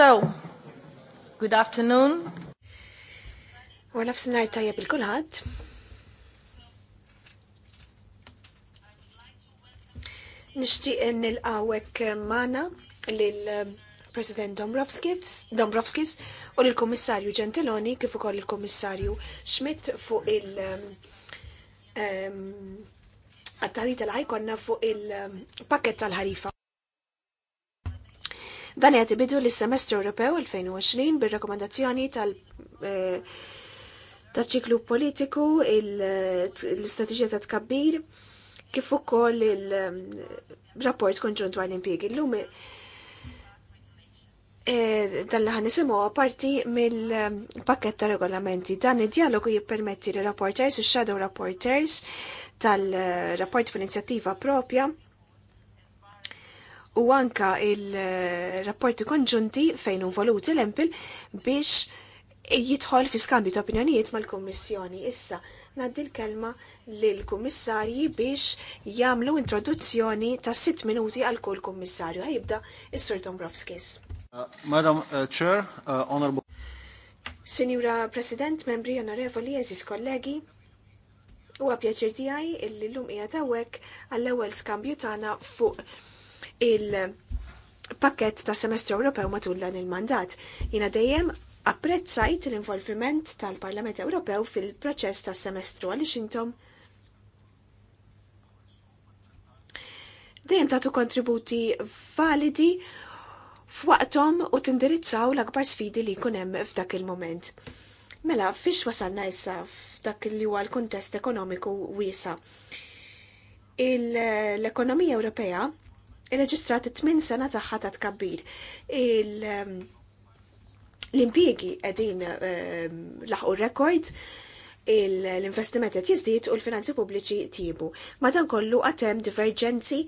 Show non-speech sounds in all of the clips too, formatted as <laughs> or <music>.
So, good afternoon. Għu nafsinar tajja bil-kulħad. Nishtiq nil-għawek mana lil-President Dombrovskis u lil-Komissarju Gentiloni kif ukoll il-Komissarju Schmidt fuq il- ehm, ehm, għattali tal-ħajkonna fuq il-pakket ehm, tal-ħarifa. Dan qed ibidu lis semestru Ewropew 2020 bir rakkomandazzjoni tal- eh, ta' ċiklu politiku, l-istrateġija ta' tkabbir, kif ukoll il-rapport konġunt dwar l-impjegi. Llum eh, dan li ħanisimgħu parti mill-pakket ta' regolamenti. Dan id-dialogu jippermetti l rapporters u shadow rapporters tal-rapport fil-inizjattiva propja u anka il-rapporti konġunti fejn involuti l-empil biex jidħol fi skambju ta' opinjonijiet mal-Kommissjoni. Issa, naddi l-kelma l-Kummissarji biex jamlu introduzzjoni ta' 6 minuti għal kull Kummissarju. Għajibda is-Sur Dombrovskis. Uh, Madam uh, Chair, uh, Honorable. Sinjura President, membri onorevoli, eżis kollegi, u għapjaċir tijaj il lum ija tawek għall-ewel skambju tana fuq il-pakket ta' semestru Ewropew matul dan il-mandat. Jina dejjem apprezzajt l-involviment tal-Parlament Ewropew fil-proċess ta' semestru għaliex intom dejjem tagħtu kontributi validi f'waqthom u tindirizzaw l-akbar sfidi li jkun hemm f'dak il-moment. Mela, fiex wasalna issa f'dak li huwa l-kuntest ekonomiku wiesa. L-ekonomija Ewropea irreġistrat it-tmin sena tagħha ta' tkabbir. Ehm, l-impjiegi qegħdin ehm, laħqu rekord, l-investiment qed jiżdied u l-finanzi pubbliċi tiebu. Madankollu għad hemm divergenzi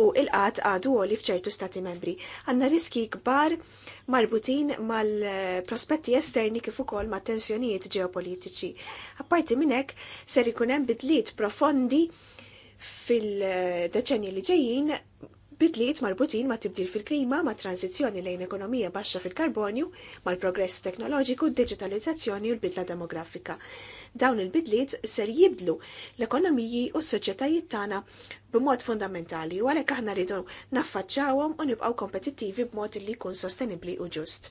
u il-qat għadu għoli f'ċertu stati membri. Għanna riski kbar marbutin mal-prospetti esterni kif ukoll ma' tensjonijiet ġeopolitiċi. Apparti minn hekk ser ikun hemm bidliet profondi fil-deċenji li ġejjin bidliet marbutin ma' tibdil fil-klima, ma' tranzizjoni lejn ekonomija baxxa fil-karbonju, mal progress teknoloġiku, digitalizzazzjoni u l-bidla demografika. Dawn il-bidliet ser jibdlu l-ekonomiji u s-soċjetajiet tagħna b'mod fundamentali u għalhekk aħna rridu naffaċċawhom u nibqgħu kompetittivi b'mod li jkun sostenibbli u ġust.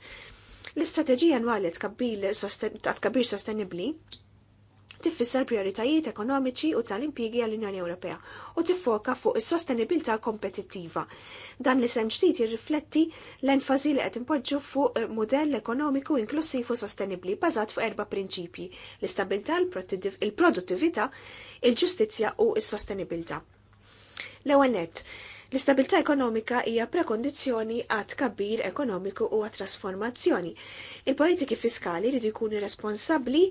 L-istrateġija nwali ta' tkabbir sostenibli tiffisser prioritajiet ekonomiċi u tal-impjigi għall-Unjoni Ewropea u tiffoka fuq is-sostenibilità kompetittiva. Dan li sem ġdid jirrifletti l-enfasi li qed impoġġu fuq modell ekonomiku inklusiv u sostenibli bażat fuq erba' prinċipji: l-istabilità, il-produttività, il-ġustizzja u s-sostenibilità. L-ewwel nett, L-istabilità ekonomika hija prekondizzjoni għad kabbir ekonomiku u għat trasformazzjoni. Il-politiki fiskali rridu jkunu responsabbli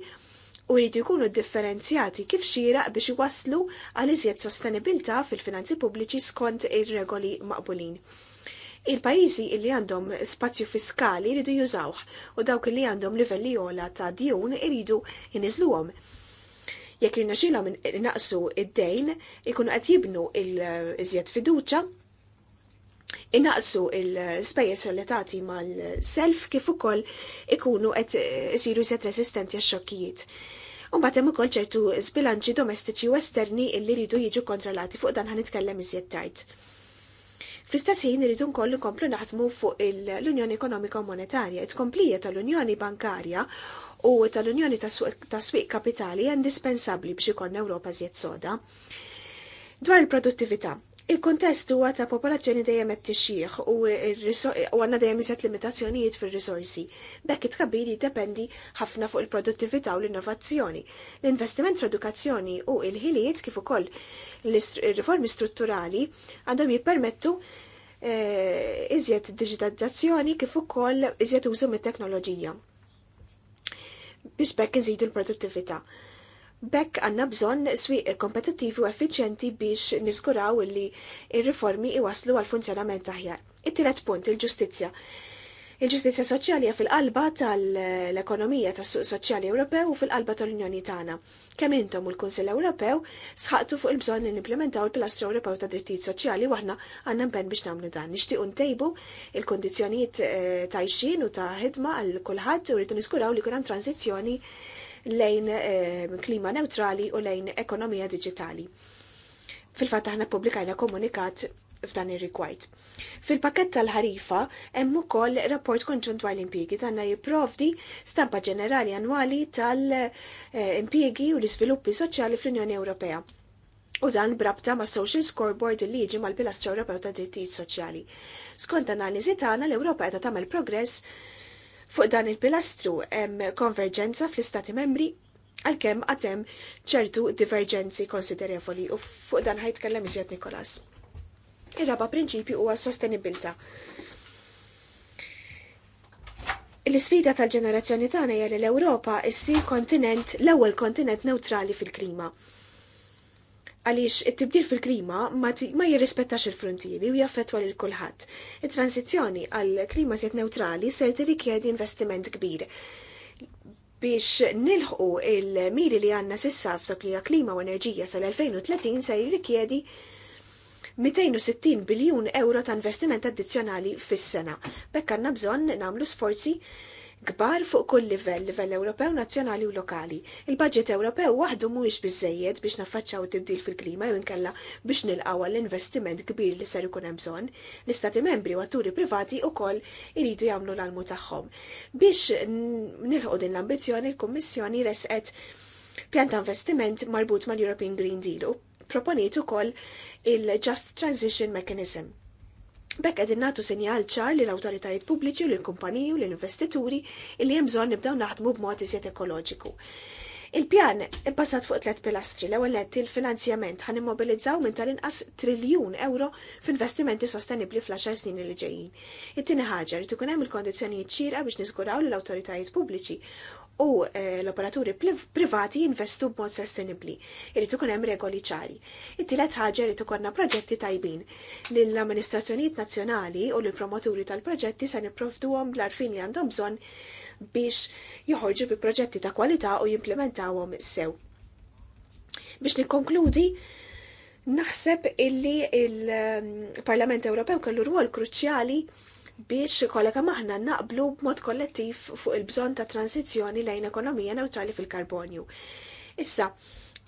u jridu jkunu differenzjati kif xieraq biex iwasslu għal iżjed sostenibilta fil-finanzi pubbliċi skont ir-regoli maqbulin. Il-pajizi li għandhom spazju fiskali jridu jużawh u dawk li għandhom livelli ola ta' djun jridu jiniżluhom. Jekk irnexilhom naqsu id-dejn, ikunu qed jibnu il-iżjed fiduċa inaqsu il-spejjeż relatati mal-self kif ukoll ikunu qed isiru set resistenti għax-xokkijiet. Imbagħad hemm ukoll ċertu sbilanċi domestiċi u esterni li jridu jiġu kontrollati fuq dan ħanitkellem iżjed tard. Fl-istess ħin irridu nkollu komplu naħdmu fuq l-Unjoni Ekonomika u Monetarja, it-komplija tal-Unjoni Bankarja u tal-Unjoni tas-Swieq Kapitali indispensabbli biex ikollna Ewropa żjed soda. Dwar il-produttività, Il-kontest huwa ta' popolazzjoni dejjem qed tixjih u għandna dejjem iżet limitazzjonijiet fir-risorsi. Bekk it-tkabbir jiddependi ħafna fuq il-produttività u l-innovazzjoni. L-investiment fl-edukazzjoni u il-ħiliet kif ukoll il-riformi strutturali għandhom jippermettu eh, iżjed digitalizzazzjoni kif ukoll iżjed użu mit-teknoloġija biex bekk iżidu l-produttività. Bekk għanna bżonn swieq kompetittivi u effiċjenti biex niskuraw li ir-riformi iwaslu għal funzjonament aħjar. It-tielet punt, il-ġustizzja. Il-ġustizzja soċjali hija fil-qalba tal-ekonomija tas-suq soċjali Ewropew u fil-qalba tal-Unjoni tagħna. Kemm intom u l-Kunsill Ewropew sħaqtu fuq il-bżonn li nimplementaw il-Pilastru Ewropew ta' Drittijiet Soċjali u aħna għandna mpenn biex nagħmlu dan. Nixtiequ ntejbu il-kundizzjonijiet eh, ta' u ta' ħidma għal kulħadd u rridu niskuraw li kun hemm tranzizzjoni lejn eh, klima neutrali u lejn ekonomija digitali. Fil-fatt aħna publikajna komunikat f'dan ir-rikwajt. Fil-pakett tal-ħarifa hemm ukoll rapport konġunt dwar l-impjiegi tagħna jipprovdi stampa ġenerali annwali tal-impjiegi eh, u l-iżviluppi soċjali fl-Unjoni Ewropea. U dan brabta ma' Social Scoreboard li jiġi mal pilastra Ewropea ta' Drittijiet Soċjali. Skont analiżi tagħna l-Ewropa qed tagħmel progress Fuq dan il-pilastru hemm konverġenza fl-Istati membri għalkemm għatem ċertu divergenzi konsiderevoli u fuq dan ħajtkellem iżjed Nikolas. Ir-raba prinċipju huwa sostenibilta. L-isfida tal-ġenerazzjoni tagħna hija li l-Ewropa ssir kontinent l-ewwel kontinent neutrali fil-klima għaliex it-tibdil fil-klima ma jirrispettax il-frontieri u jaffettwa lil kulħadd. It-transizzjoni għal klima set neutrali se tirrikjedi investiment kbir. Biex nilħu il-miri li għanna sissa f'dak li klima u enerġija sal-2030 se jirrikjedi 260 biljun euro ta' investiment addizzjonali fis-sena. Bekk għandna bżonn nagħmlu sforzi kbar fuq kull livell, livell Ewropew, nazzjonali u lokali. Il-budget Ewropew waħdu mhuwiex biżejjed biex naffaċċaw tibdil fil-klima jew inkella biex nilqgħu l-investiment kbir li ser ikun hemm bżonn. L-istati membri u atturi privati wkoll iridu jagħmlu l-almu tagħhom. Biex nilħu din l-ambizzjoni, l kummissjoni resqet pjan ta' investiment marbut mal-European Green Deal u proponiet ukoll il-Just Transition Mechanism. Bekk qegħdin nagħtu sinjal ċar li l-awtoritajiet pubbliċi u l-kumpaniji u l-investituri li hemm bżonn nibdew naħdmu b'mod iżjed ekoloġiku. Il-pjan bbażat fuq tliet pilastri l-ewwel nett il-finanzjament ħan immobilizzaw minn tal-inqas triljun euro f'investimenti sostenibbli fl-10 snin li ġejjin. It-tieni ħaġa li tkun hemm il-kondizzjonijiet ċira biex niżguraw lill awtoritajiet pubbliċi u eh, l-operaturi privati jinvestu b'mod sostenibli. Irrid ikun hemm regoli ċari. It-tielet ħaġa irid ikollna proġetti tajbin. l amministrazzjonijiet nazzjonali u l-promoturi tal-proġetti se nipprovduhom l-arfin li għandhom bżonn biex joħorġu bi proġetti ta' kwalità u jimplementawhom sew. Biex nikkonkludi, naħseb illi il-Parlament ehm, Ewropew kellu rwol kruċjali biex kollega maħna naqblu b'mod kollettiv fuq il-bżon ta' tranzizjoni lejn ekonomija neutrali fil-karbonju. Issa,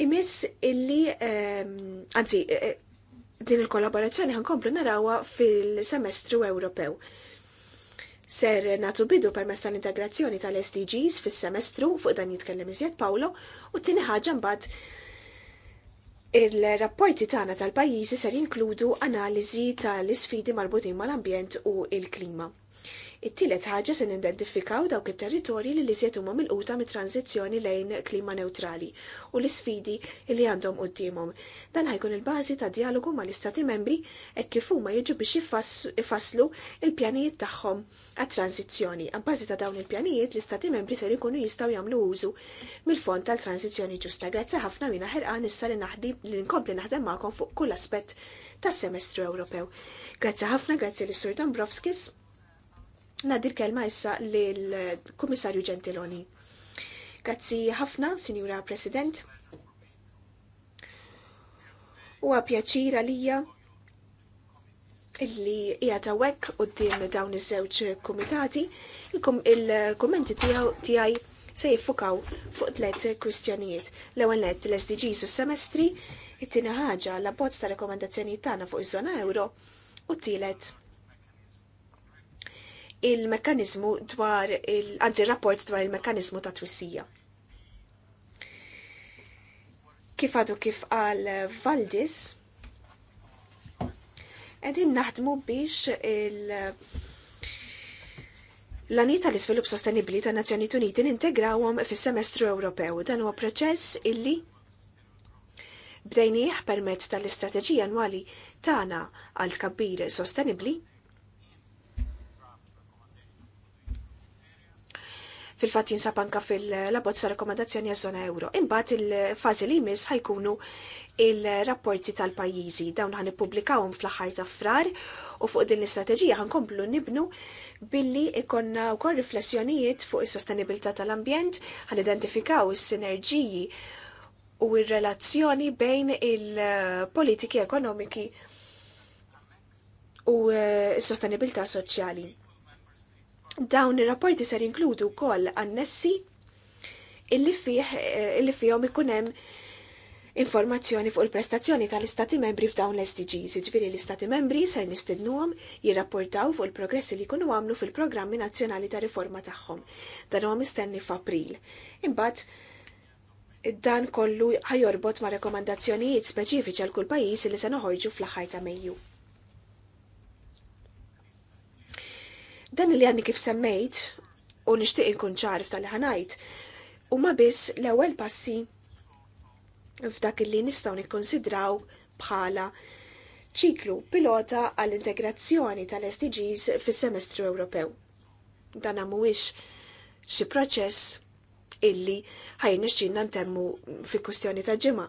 imiss illi, għanzi, ehm, e, e, din il-kollaborazzjoni komplu narawa fil-semestru Ewropew. Ser natu bidu mesta tal-integrazzjoni tal-SDGs fil-semestru fuq dan jitkellem iżjed Paolo u t-tini ħagġa mbagħad Il-rapporti tagħna tal-pajjiżi ser jinkludu analiżi tal-isfidi marbutin mal-ambjent u il-klima. It-tielet ħaġa se nidentifikaw dawk it-territorji li liżiet huma milquta mit-tranzizzjoni lejn klima neutrali u l-isfidi li għandhom qudiemhom. Dan ħajkun il-bażi ta' dialogu mal-Istati membri e kif huma jiġu biex ifasslu il-pjanijiet tagħhom għat-tranzizzjoni. Anbażi ta' dawn il-pjanijiet l-Istati membri se jkunu jistgħu jagħmlu użu mill-fond tal-tranzizzjoni ġusta. Grazzi ħafna mina ħerqan issa li naħdi li nkompli naħdem magħkom fuq kull aspett tas-semestru Ewropew. Grazzi ħafna, grazzi l-Sur Dombrovskis. Nadir kelma issa l-Kummissarju Gentiloni. Grazzi ħafna, Sinjura President. Huwa pjaċir għalija illi jgħata wek u d-dim dawn iż-żewġ komitati, il-kommenti tijaj se jiffukaw fuq tlet kwistjonijiet. L-ewwel net l sdg su s-semestri, it-tieni ħaġa l-abbozz ta' rekomendazzjoni tagħna fuq iż-żona euro u t-tielet il mekanizmu dwar, il, anzi rapport dwar il mekanizmu ta' twissija. Kif għadu kif għal Valdis, għedin naħdmu biex il- l anita tal svilup sostenibli ta' Nazzjoni Uniti nintegrawhom fis-semestru Ewropew. Dan huwa proċess illi bdejnieh permezz tal-istrateġija annwali tagħna għal tkabbir sostenibli fil-fatt jinsab anka fil-labozza rekomendazzjoni għaż-żona euro. Imbagħad il-fażi li jmiss ħajkunu il-rapporti tal-pajjiżi dawn ħan publikawum fl-aħħar ta' frar u fuq din l-istrateġija komplu nibnu billi ikonna wkoll riflessjonijiet fuq is-sostenibilità tal-ambjent, għan identifikaw is-sinerġiji u r-relazzjoni bejn il-politiki ekonomiki u s-sostenibilità soċjali. Dawn ir-rapporti ser jinkludu wkoll annessi eh, illi fihom ikun hemm informazzjoni fuq il-prestazzjoni tal-Istati membri f'dawn l-SDGs, ġviri jiġifieri l-Istati membri ser nistednuhom jirrapportaw fuq il-progressi li jkunu għamlu fil-programmi nazzjonali ta' riforma tagħhom. Dan huwa mistenni f'April. Imbagħad dan kollu ħajorbot ma' rekomandazzjonijiet speċifiċi għal kull pajjiż li se noħorġu fl-aħħar ta' Mejju. Dan li għandi kif semmejt, u nishtiq inkun ċarif tal ħanajt, u ma biss l-ewwel passi f'dak li nistgħu nikkonsidraw bħala ċiklu pilota għall-integrazzjoni tal-SDGs fis-semestru Ewropew. Dan mhuwiex xi proċess illi ħajn nixxinna ntemmu fi kwistjoni ta' ġimgħa.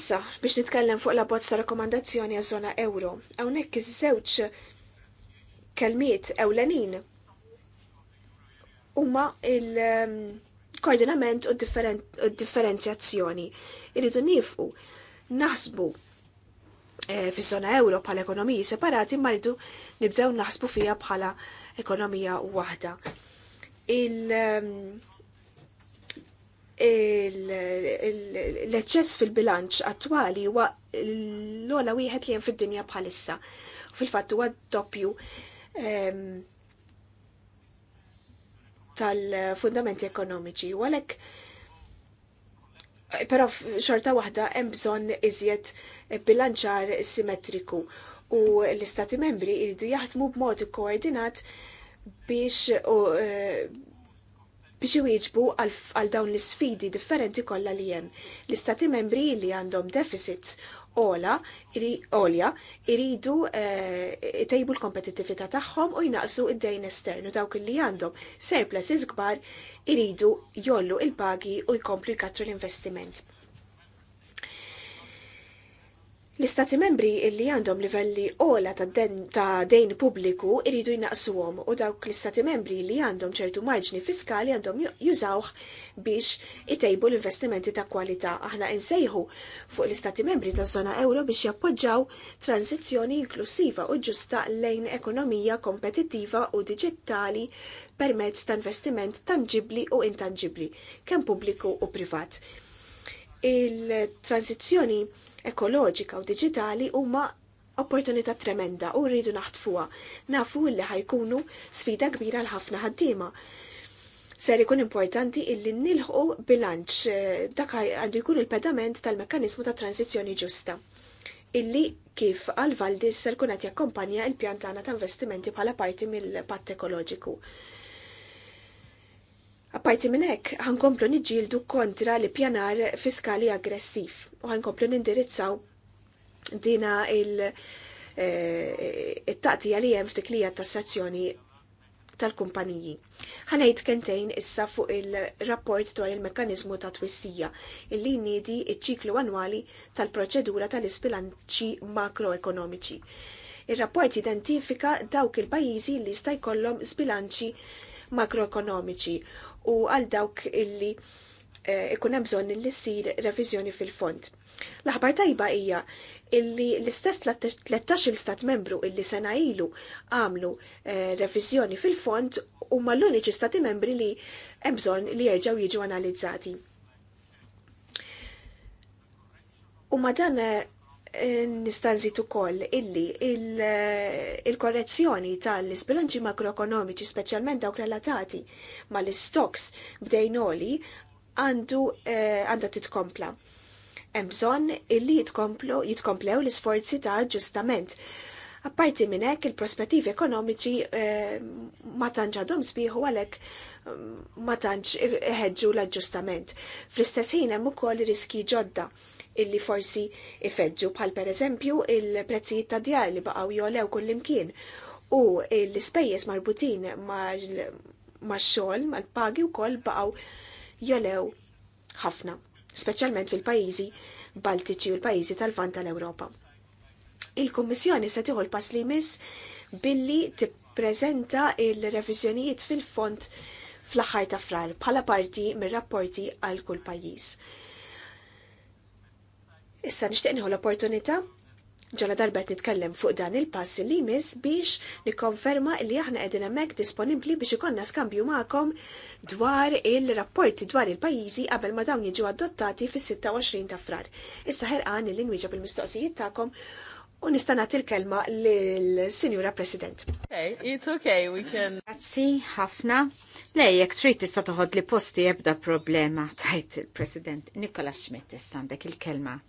Issa, biex nitkellem fuq la bozza rakkomandazzjoni għaż-żona euro, hawnhekk iż-żewġ kelmiet ewlenin huma il-koordinament u differenzjazzjoni. Irridu nifqu, naħsbu e, fiż-żona euro bħala ekonomiji separati ma rridu nibdew naħsbu fija bħala ekonomija waħda. L-eċċess fil-bilanċ attwali huwa l-ola wieħed li hemm fid-dinja bħalissa. Fil-fatt huwa doppju tal-fundamenti ekonomiċi. U għalek, pero xorta wahda hemm bżonn iżjed bilanċar simmetriku u l-istati membri jridu jaħdmu b'mod koordinat biex u, eh, biex iwieġbu għal dawn l-sfidi differenti kollha li hemm. L-istati membri li għandhom deficits ola, olja, iridu eh, tejbu l kompetitivita tagħhom u jnaqsu id-dejn esternu dawk li għandhom surpluses kbar iridu jollu il-pagi u jkomplu jkatru l-investiment. L-istati membri illi għandhom livelli ola ta' den ta' dejn pubbliku iridu jnaqsuhom u dawk l-istati membri li għandhom ċertu marġni fiskali għandhom jużawh biex itejbu l-investimenti ta' kwalità. Aħna insejħu fuq l-istati membri ta' zona euro biex jappoġġaw tranzizjoni inklusiva u ġusta lejn ekonomija kompetittiva u diġittali permezz ta' investiment tangibli u intangibli, kemm pubbliku u privat. Il-tranzizzjoni ekoloġika u digitali huma opportunità tremenda u rridu naħtfuha. Nafu li ħajkunu sfida kbira l ħafna ħaddiema. Ser ikun importanti illi nilħu bilanċ eh, dak għandu jkun il-pedament tal-mekkanizmu ta' transizzjoni ġusta illi kif għal Valdis ser kun qed jakkompanja l pjantana tagħna ta' investimenti bħala parti mill-patt ekoloġiku. Apparti minn hekk, ħankomplu niġġieldu kontra li pjanar fiskali aggressiv u ħankomplu nindirizzaw dina il-taqtija eh, li hemm f'dik li tassazzjoni tal-kumpaniji. Ħanejt kentejn issa fuq il-rapport dwar il-mekkanizmu ta' twissija illi nidi iċ-ċiklu annwali tal-proċedura tal-isbilanċi makroekonomiċi. Ir-rapport identifika dawk il-pajjiżi li jista' jkollhom sbilanċi makroekonomiċi u għal dawk illi eh, ikun hemm bżonn li ssir reviżjoni fil-fond. L-aħbar tajba hija illi l-istess 13 stat membru illi sena ilu għamlu eh, reviżjoni fil-fond huma l-uniċi stati membri li hemm bżonn li jerġgħu jiġu analizzati. U ma dan eh, nistanzitu ukoll illi il-korrezzjoni tal-isbilanċi makroekonomiċi speċjalment dawk relatati mal-istoks bdejnoli għandu eh, għandha titkompla. Hemm bżonn illi jitkomplew l-isforzi ta' ġustament. Apparti minn hekk il-prospettivi ekonomiċi eh, ma tantx għadhom sbieħu għalhekk mm, ma tantx iħeġġu l-aġġustament. Fl-istess ħin hemm ukoll riski ġodda illi forsi ifeġġu bħal pereżempju il-prezzijiet ta' djar li baqgħu jolew kullimkien u l-ispejjeż marbutin max-xogħol mal-pagi wkoll baqgħu jolew ħafna, speċjalment fil-pajjiżi Baltiċi u l-pajjiżi tal-Vant tal-Ewropa. Il-Kummissjoni se tieħu l-pass li jmiss billi tippreżenta il-reviżjonijiet fil-fond fl-aħħar ta' frar bħala parti mir-rapporti għal kull pajjiż. Issa nixtieq l-opportunità ġala darbet nitkellem fuq dan il-pass li mis biex nikkonferma li aħna edin hemmhekk disponibbli biex ikonna skambju magħkom dwar il-rapporti dwar il-pajjiżi qabel ma dawn jiġu adottati fis-26 ta' frar. Issa ħerqan li nwieġeb il-mistoqsijiet tagħkom u nista' nagħti l-kelma lill-Sinjura President. Okay, it's okay, we can. Grazzi ħafna. Lej, jekk trid tista' toħod li posti ebda problema <laughs> tajt il-President. Nikola Schmidt issa għandek il-kelma.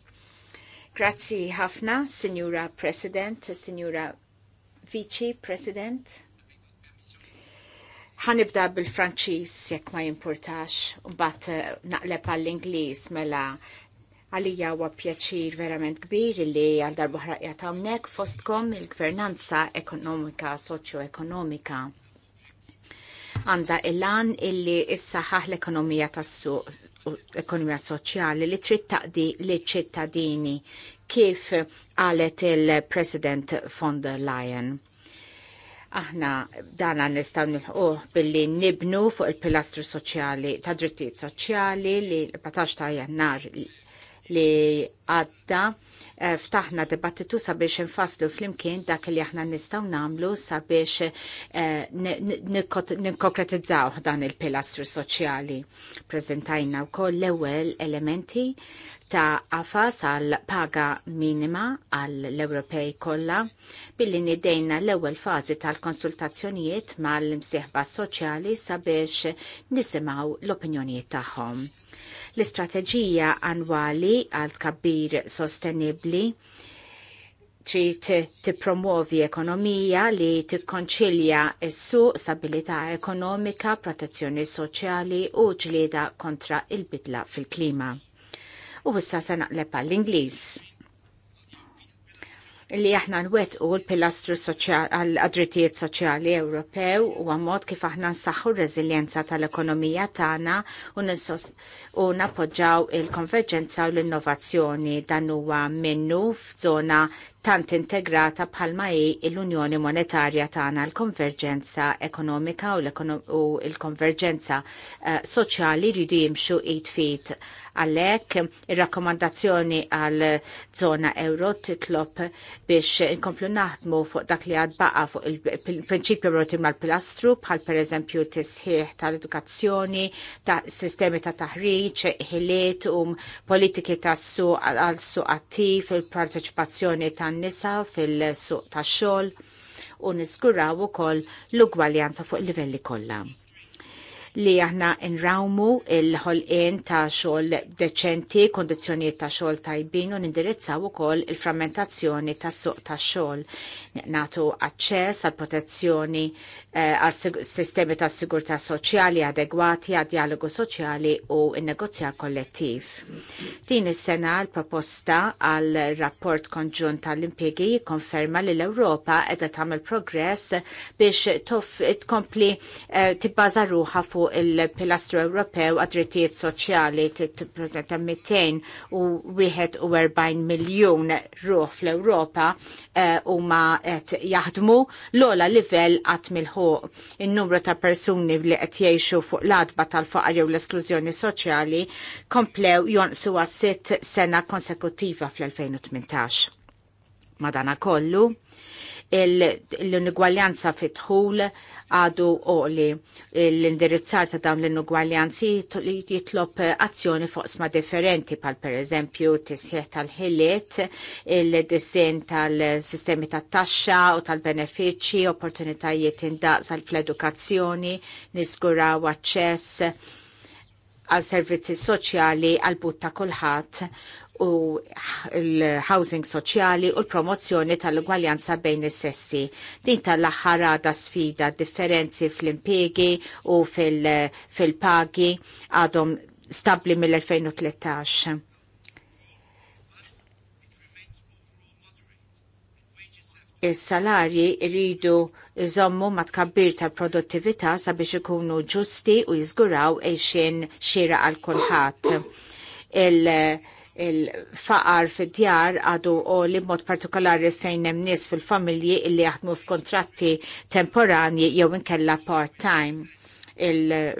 Grazzi ħafna, Signora President, Signora Vici President. Ħanibda bil-Franċis jekk ma jimportax, bat eh, naqleb għall-Ingliż mela għalija huwa pjaċir verament kbir li għal darbohra ta' hawnhekk fostkom il-gvernanza ekonomika soċjo-ekonomika. Għanda il-lan illi ħah l-ekonomija tas-suq ekonomija soċjali li trid taqdi li ċittadini kif qalet il-President von der Leyen. Aħna dana nistaw nilħuħ billi nibnu fuq il-pilastru soċjali ta' drittijiet soċjali li l-14 ta' jannar li għadda Eh, ftaħna dibattitu sabiex nfaslu flimkien dak li aħna nistgħu nagħmlu sabiex eh, nikkokretizzaw dan il-pilastru soċjali. u wkoll l-ewwel elementi ta' għafas għal paga minima għall l-Ewropej kollha billi nidejna l-ewwel fażi tal-konsultazzjonijiet mal-imsieħba soċjali sabiex nisimgħu l-opinjonijiet tagħhom. L-istrateġija annwali għal kabbir sostenibli trid tippromuovi ekonomija li tikkonċilja s-suq, stabilità ekonomika, protezzjoni soċjali u ġlieda kontra il-bidla fil-klima. U issa se naqleb għall-Ingliż li aħna nwettqu l-pilastru għal adrittijiet soċjali Ewropew u għamot kif aħna nsaħħu r-reżiljenza tal-ekonomija tagħna u napoġġaw il-konverġenza u l-innovazzjoni dan huwa minnu f'żona tant integrata bħalma hi l-Unjoni Monetarja tagħna l-konverġenza ekonomika u l-konverġenza eh, soċjali jridu jimxu id fit Għalhekk ir-rakkomandazzjoni għal zona euro titlop biex inkomplu naħdmu fuq dak li għad baqa fuq il-prinċipju rotim mal-pilastru bħal pereżempju tisħiħ tal-edukazzjoni, ta' sistemi ta' taħriġ, ħiliet u politiki tas-suq għal-suq attiv, il-parteċipazzjoni tan-nisa fil-suq tax-xogħol u niskuraw ukoll l-ugwaljanza fuq il livelli kollha li aħna nrawmu il-ħolqien ta' xogħol deċenti, kondizzjonijiet ta' xogħol tajbin u nindirizzaw ukoll il-frammentazzjoni ta' suq ta' xogħol. Natu aċċess għal protezzjoni eh, għal sistemi ta' sigurtà soċjali adegwati għad dialogu soċjali u n-negozjar kollettiv. Din is-sena l-proposta għal rapport konġunt tal-impjegi jikkonferma li l-Ewropa qiegħda tagħmel progress biex tkompli eh, tibbaża fuq fuq il-pilastru Ewropew għad-drittijiet soċjali t-protetta 241 miljon ruħ fl-Ewropa u ma qed jaħdmu l-ola livell għat milħuq. Il-numru ta' persuni li qed jgħixu fuq l-adba tal-faqar jew l-esklużjoni soċjali komplew jonqsu għas sitt sena konsekutiva fl-2018. Madana kollu, l-inugwaljanza fitħul għadu li l-indirizzar ta' dawn l-inugwaljanzi jitlob azzjoni foqsma differenti pal per eżempju tisħiħ tal-ħiliet, il-dissin tal-sistemi ta' taxxa u tal-benefiċi, opportunitajiet indaqs għal-fl-edukazzjoni, nisguraw aċċess għal servizzi soċjali għal-but ta' kulħadd u l-housing soċjali u l-promozzjoni tal-ugwaljanza bejn is-sessi. Din tal-aħħar għada sfida differenzi fl-impiegi u fil-pagi għadhom stabli mill-2013. Is-salarji rridu iżommu ma tkabbir tal-produttività sabiex ikunu ġusti u jiżguraw għexin xira għal kulħadd il-faqar fid-djar għadu u li mod partikolari fejn hemm nies fil-familji illi jaħdmu f'kontratti temporani jew inkella part-time.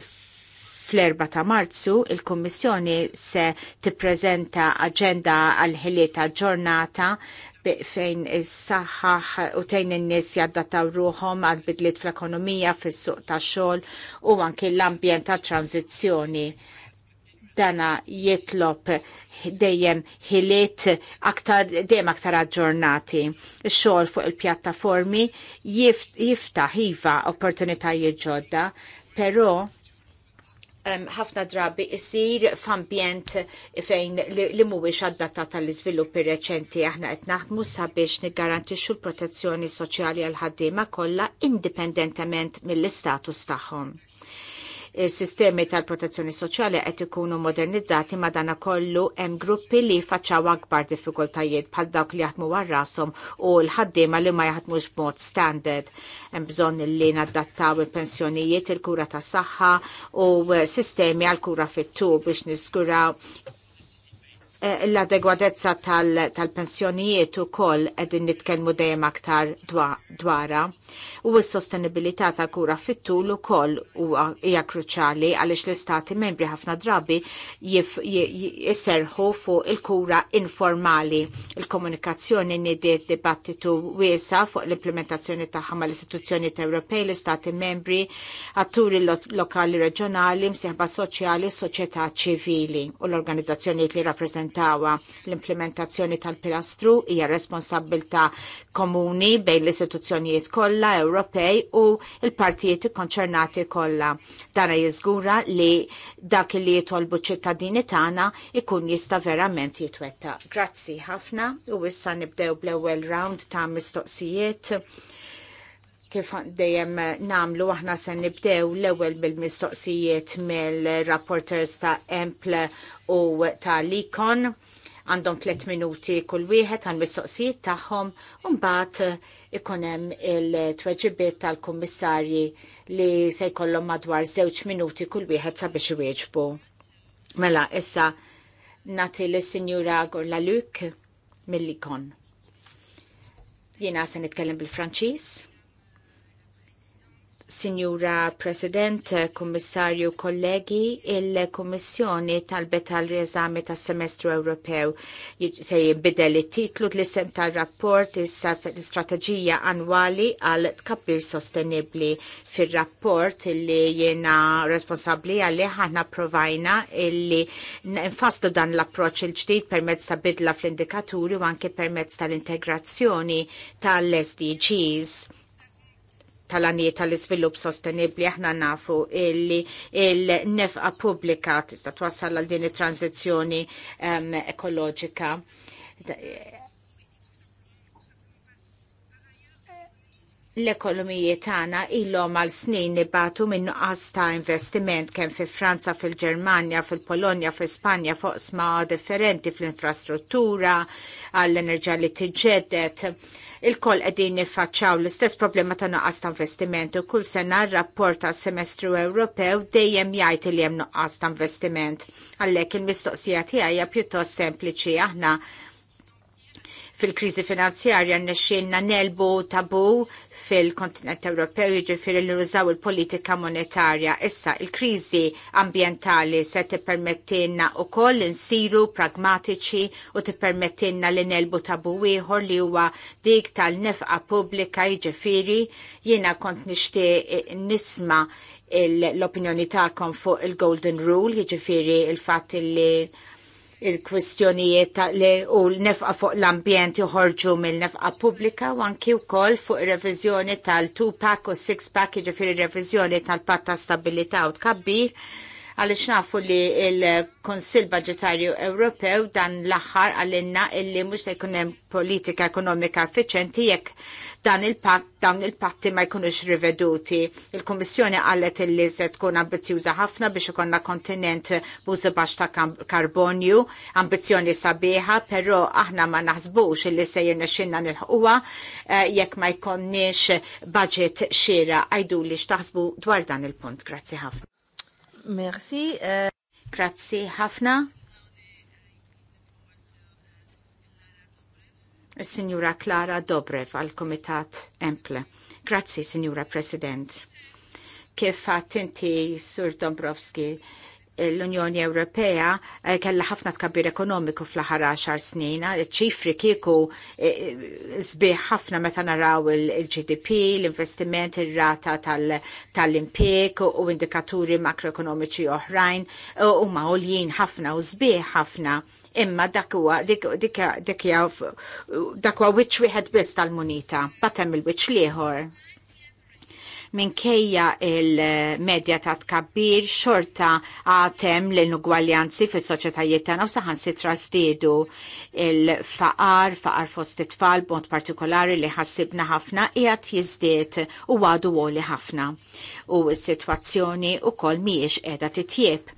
fl-4 ta' Marzu il-Kummissjoni se tippreżenta aġenda għal ħilieta ġurnata fejn is-saħħaħ u tejn in-nies jaddataw ruhom għal bidliet fl-ekonomija, fis-suq tax-xogħol u anki l-ambjent ta' tranzizzjoni dana jitlob dejjem ħiliet aktar dejjem aktar aġġornati. Ix-xogħol fuq il-pjattaformi jiftaħ iva opportunitajiet ġodda, però ħafna drabi jsir f'ambjent fejn li mhuwiex għaddatta tal-iżviluppi reċenti aħna qed naħdmu sabiex niggarantixxu l-protezzjoni soċjali għal ħaddiema kollha indipendentement mill-istatus tagħhom sistemi tal-protezzjoni soċjali qed ikunu modernizzati ma dana kollu hemm gruppi li faċċaw akbar diffikultajiet bħal dawk li jaħdmu għal rashom u l-ħaddiema li ma jaħdmux b'mod standard. Hemm bżonn li nadattaw il-pensjonijiet, il-kura tas-saħħa u sistemi għal kura fit-tul biex niżguraw Eh, l-adegwadezza tal-pensjonijiet u koll edin nitkelmu dejjem aktar dwara u s-sostenibilità tal-kura fit-tul u koll u hija kruċali għaliex l-istati membri ħafna drabi jisserħu fuq il-kura informali. Il-komunikazzjoni nidiet dibattitu wiesa fuq l-implementazzjoni tagħha mal istituzzjoni Ewropej, l-istati membri, atturi lokali reġjonali, msieħba soċjali u soċjetà ċivili u l-organizzazzjonijiet li rappresentanti nimplementawa. L-implementazzjoni tal-pilastru hija responsabilta komuni bejn l-istituzzjonijiet kollha Ewropej u l-partijiet konċernati kollha. Dana jiżgura li dak li jitolbu ċittadini tagħna ikun jista' verament jitwetta. Grazzi ħafna u issa nibdew bl-ewwel round ta' mistoqsijiet kif dejjem namlu aħna se nibdew l-ewwel bil-mistoqsijiet mill-rapporters ta' Emple u ta' Likon. Għandhom tliet minuti kull wieħed għal mistoqsijiet tagħhom u mbagħad ikun hemm il-tweġibiet tal-kummissarji li se jkollhom madwar żewġ minuti kull wieħed sabiex iwieġbu. Mela issa nagħti lis-Sinjura Gorlaluk mill-Likon. Jiena se nitkellem bil-Franċiż Signora President, Kommissarju, kollegi, il-Kommissjoni talbet tal riesami tas semestru Ewropew se jibbidel it-titlu sem tal-rapport issa l-istrateġija annwali għal tkabbir sostenibli fil-rapport li jena responsabli għalli ħana provajna illi nfaslu dan l-approċ il-ġdid permezz ta' bidla fl-indikaturi u anke permezz tal-integrazzjoni tal-SDGs tal-għaniet tal-izvilup sostenibli aħna nafu illi il-nefqa publika tista' twassal għal din it-tranzizjoni um, ehm, ekoloġika l-ekonomiji tagħna ilhom għal snin nibatu minn nuqqas ta' investiment kemm fi Franza, fil-Ġermanja, fil-Polonja, fil-Spanja fuq sma differenti fl-infrastruttura, għall-enerġija li tiġġedet. Il-koll qegħdin niffaċċaw l-istess problema ta' nuqqas ta' investiment u kull sena r-rapport semestru Ewropew dejjem jgħid li hemm nuqqas ta' investiment. Għalhekk il-mistoqsija tiegħi hija pjuttost sempliċi aħna fil-kriżi finanzjarja n-nexxilna nelbu tabu fil-kontinent Ewropew jiġifieri li rużaw il-politika monetarja. Issa il-kriżi ambjentali se tippermettilna wkoll insiru pragmatiċi u tippermettilna li nelbu tabu ieħor li huwa dik tal-nefqa pubblika jiġifieri jiena kont nixtieq nisma' l-opinjoni ta'kom fuq il-Golden Rule, jiġifieri il-fatt li il-kwistjonijiet u l-nefqa fuq l-ambjent joħorġu mill-nefqa pubblika u anki wkoll fuq ir-reviżjoni tal-2-pack u 6-pack ġifiri reviżjoni tal-patt ta' stabilità u tkabbir għalix nafu li il-Konsil Budgetarju Ewropew dan l-axħar għallinna illi mux ta' jkunem politika ekonomika effiċenti jekk dan il-patt dawn il-patti ma jkunux riveduti. Il-Kummissjoni qalet illi se tkun ambizjuża ħafna biex ikonna kontinent bużu baxx ta' karbonju, ambizzjoni sabiħa, però aħna ma naħsbux illi se xinna nilħquha eh, jekk ma jkonniex budget xira. Għajdu li xtaħsbu dwar dan il-punt. Grazzi ħafna. Merci. Eh. Grazzi ħafna. Signora Clara Dobrev għal Komitat Emple. Grazzi, Signora President. Kif għat inti, Sur Dombrovski, l-Unjoni Ewropea eh, kella ħafna tkabbir ekonomiku fl-aħħar 10 snina, eh, ċifri kieku sbieħ eh, ħafna meta naraw il-GDP, l-investiment, ir-rata tal impiek u indikaturi makroekonomiċi oħrajn u ma' ħafna u sbieħ ħafna imma dakwa huwa dak huwa wiċċ wieħed biss tal-munita, patem il-wiċċ lieħor minkejja il-medja ta' tkabbir xorta għatem l-inugwaljanzi fis soċetajiet tagħna u saħan sitra stiedu il-faqar, faqar fost it-tfal b'mod partikolari li ħassibna ħafna qiegħed jiżdied u għadu għoli ħafna. U s-sitwazzjoni u kol miex qiegħda titjieb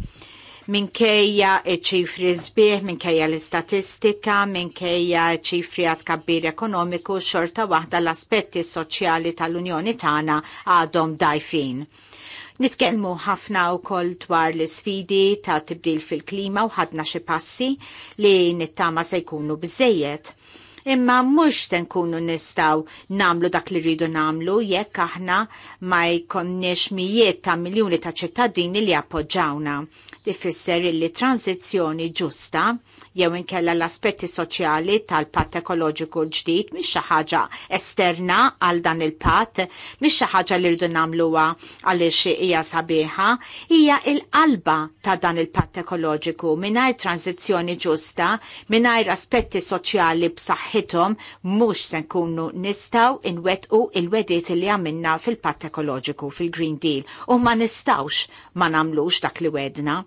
minkejja ċifri zbieħ, minkejja l-istatistika, minkejja ċifri għad kabbir ekonomiku, xorta waħda l-aspetti soċjali tal-Unjoni tagħna għadhom dajfin. Nitkellmu ħafna u koll dwar l-sfidi ta' tibdil fil-klima u ħadna xi passi li nittama se jkunu bżejjed imma mhux se nkunu nistgħu nagħmlu dak li rridu nagħmlu jekk aħna ma jkonniex mijiet ta' miljuni ta' ċittadini li appoġġawna. Ifisser li transizzjoni ġusta jew inkella l-aspetti soċjali tal-patt ekoloġiku ġdid mhix xi ħaġa esterna għal dan il-patt, mhix xi ħaġa li rridu nagħmluha għaliex hija sabiħa, hija l-qalba ta' dan il-patt ekoloġiku mingħajr tranzizzjoni ġusta, mingħajr aspetti soċjali b'saħħithom mhux se nkunu nistgħu inwettqu il-wediet li għamilna fil-patt ekoloġiku fil-Green Deal u ma nistgħux ma nagħmlux dak li wedna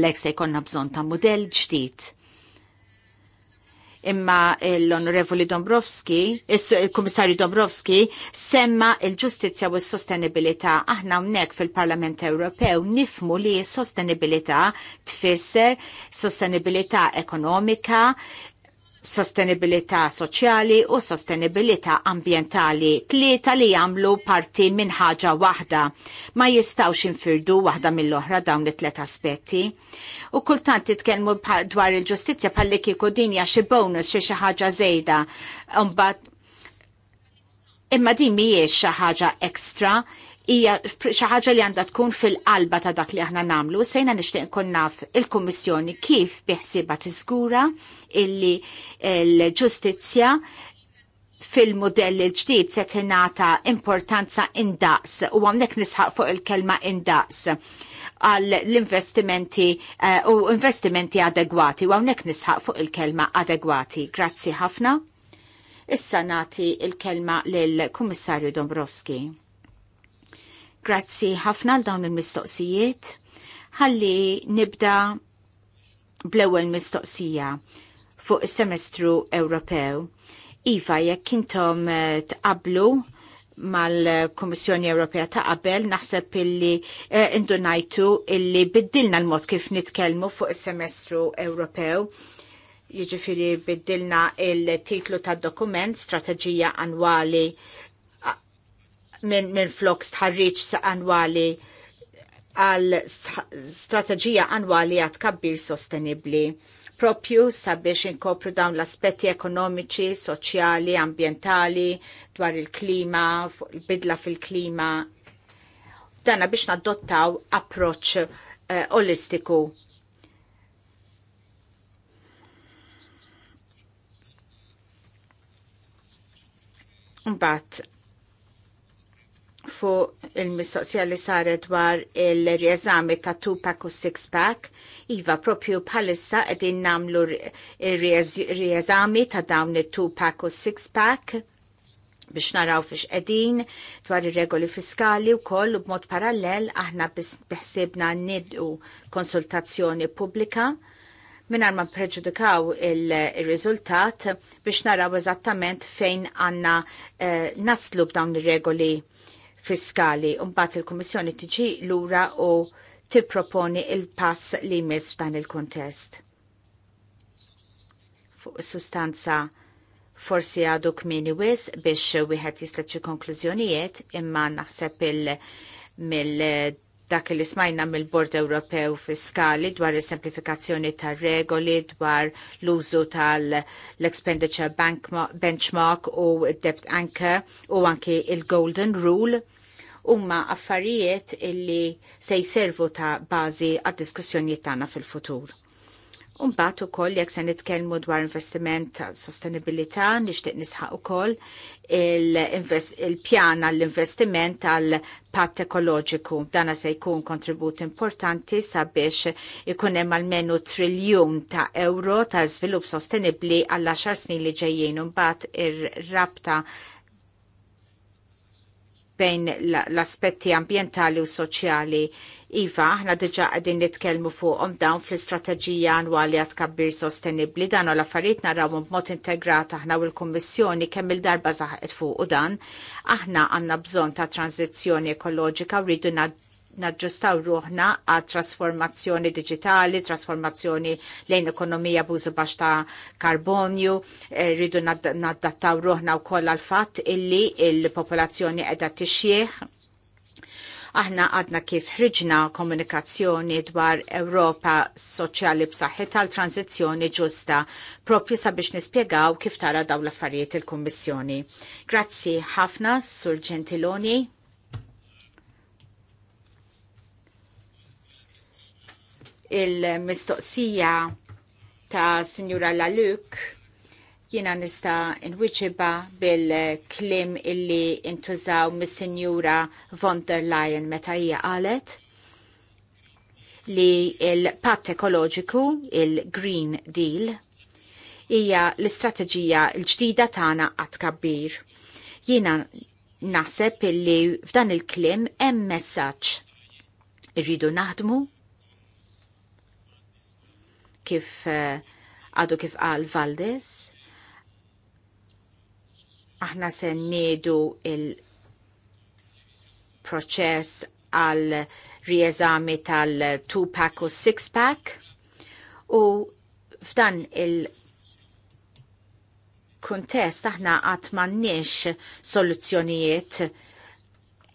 Alexej se bżon ta' modell ġdid imma l-Onorevoli Dombrovski, il-Kummissarju Dombrovski, semma il-ġustizja u s-sostenibilità. Aħna unnek fil-Parlament Ewropew nifmu li s-sostenibilità tfisser sostenibilità ekonomika, sostenibilità soċjali u sostenibilità ambientali, tlieta li jagħmlu parti minn ħaġa waħda. Ma jistawx infirdu waħda mill-oħra dawn it-tlet aspetti. U kultant titkellmu dwar il-ġustizzja bħalli kieku dinja xi bonus xi xi ħaġa żejda. Imma din mhijiex xi ħaġa ekstra, hija xi ħaġa li għandha tkun fil-qalba ta' dak li aħna nagħmlu, sejna nixtieq naf il-Kummissjoni kif biħsiebha tiżgura illi l-ġustizzja fil-modell il-ġdid se tingħata importanza indaqs u għamnek nisħaq fuq il-kelma indaqs għall l-investimenti eh, u investimenti adegwati u għamnek nisħaq fuq il-kelma adegwati. Grazzi ħafna. Issa nati il-kelma lill-Kummissarju Dombrovski. Grazzi ħafna għal dawn il-mistoqsijiet. Ħalli nibda bl-ewwel mistoqsija fuq is-semestru Ewropew. Iva, jekk intom eh, tqablu mal-Komissjoni Ewropea ta' qabel naħseb illi eh, indunajtu illi biddilna l-mod kif nitkellmu fuq is-semestru Ewropew. Jiġifieri biddilna il-titlu tad dokument strateġija annwali minn min flok stħarriċ annwali għal strateġija annwali għat kabbir sostenibli propju sabiex inkopru dawn l-aspetti ekonomiċi, soċjali, ambientali, dwar il-klima, il-bidla fil-klima. Dana biex nadottaw approċ eh, olistiku Mbatt, Fu il-mistoqsija li saret dwar il-riezami ta' 2-pack u 6-pack, iva propju bħalissa edin namlu il-riezami ta' dawn il 2-pack u 6-pack biex naraw fiex edin dwar ir-regoli fiskali u koll u b'mod parallel aħna biħsibna u konsultazzjoni pubblika minar ma preġudikaw il-riżultat biex naraw eżattament fejn għanna eh, naslu b'dawn ir-regoli fiskali. Umbat il-Kommissjoni tiġi lura u tipproponi il-pass li jmiss f'dan il-kontest. Fuq sustanza forsi għadu kmini wis biex wieħed jisleċi konklużjonijiet imma naħseb il- mill dak li smajna mill-Bord Ewropew Fiskali dwar il-semplifikazzjoni tar regoli dwar l-użu tal-expenditure benchmark u debt anchor u anki il-Golden Rule umma affarijiet illi se jservu ta' bazi għad diskussjoni tagħna fil-futur. Umbat u koll jek se nitkelmu dwar investiment ta' sostenibilità, nixtieq nisħaq ukoll il-pjana il pjan il għall investiment għall patt ekoloġiku. Dana se jkun kontribut importanti sabiex ikun hemm almenu triljun ta' euro ta' żvilupp sostenibbli għall xar snin li ġejjin imbagħad ir-rabta bejn l-aspetti ambientali u soċjali Iva, aħna diġa għadin nitkelmu fuqhom dawn fl-istrateġija għanwali għad kabbir sostenibli dan u l-affarijiet narawhom b'mod integrat aħna u l-Kummissjoni kemm il-darba zaħet fuq u dan. Aħna għandna bżonn ta' tranzizzjoni ekoloġika u rridu naġġustaw ruħna għal trasformazzjoni digitali, trasformazzjoni lejn ekonomija bużu bax ta' karbonju, eh, rridu naddattaw ruħna u koll għal fatt illi il-popolazzjoni edha tixjieħ Aħna għadna kif ħriġna komunikazzjoni dwar Ewropa soċjali b'saħħit għal tranzizzjoni ġusta propju sabiex nispjegaw kif tara dawn l-affarijiet il-Kummissjoni. Grazzi ħafna, Sur Gentiloni. Il-mistoqsija ta' Signora Laluk Jiena nista nwiċiba bil-klim illi intużaw mis-Sinjura von der Leyen meta hija qalet li il-patt ekoloġiku, il-Green Deal, hija l-istrateġija l-ġdida tagħna għat kabbir. Jiena naħseb illi f'dan il-klim hemm messaġġ irridu naħdmu kif eh, għadu kif qal Valdez Aħna se niedu il-proċess għal rieżami tal-2-pack u 6-pack u f'dan il- kuntest aħna qatt m'għandniex soluzzjonijiet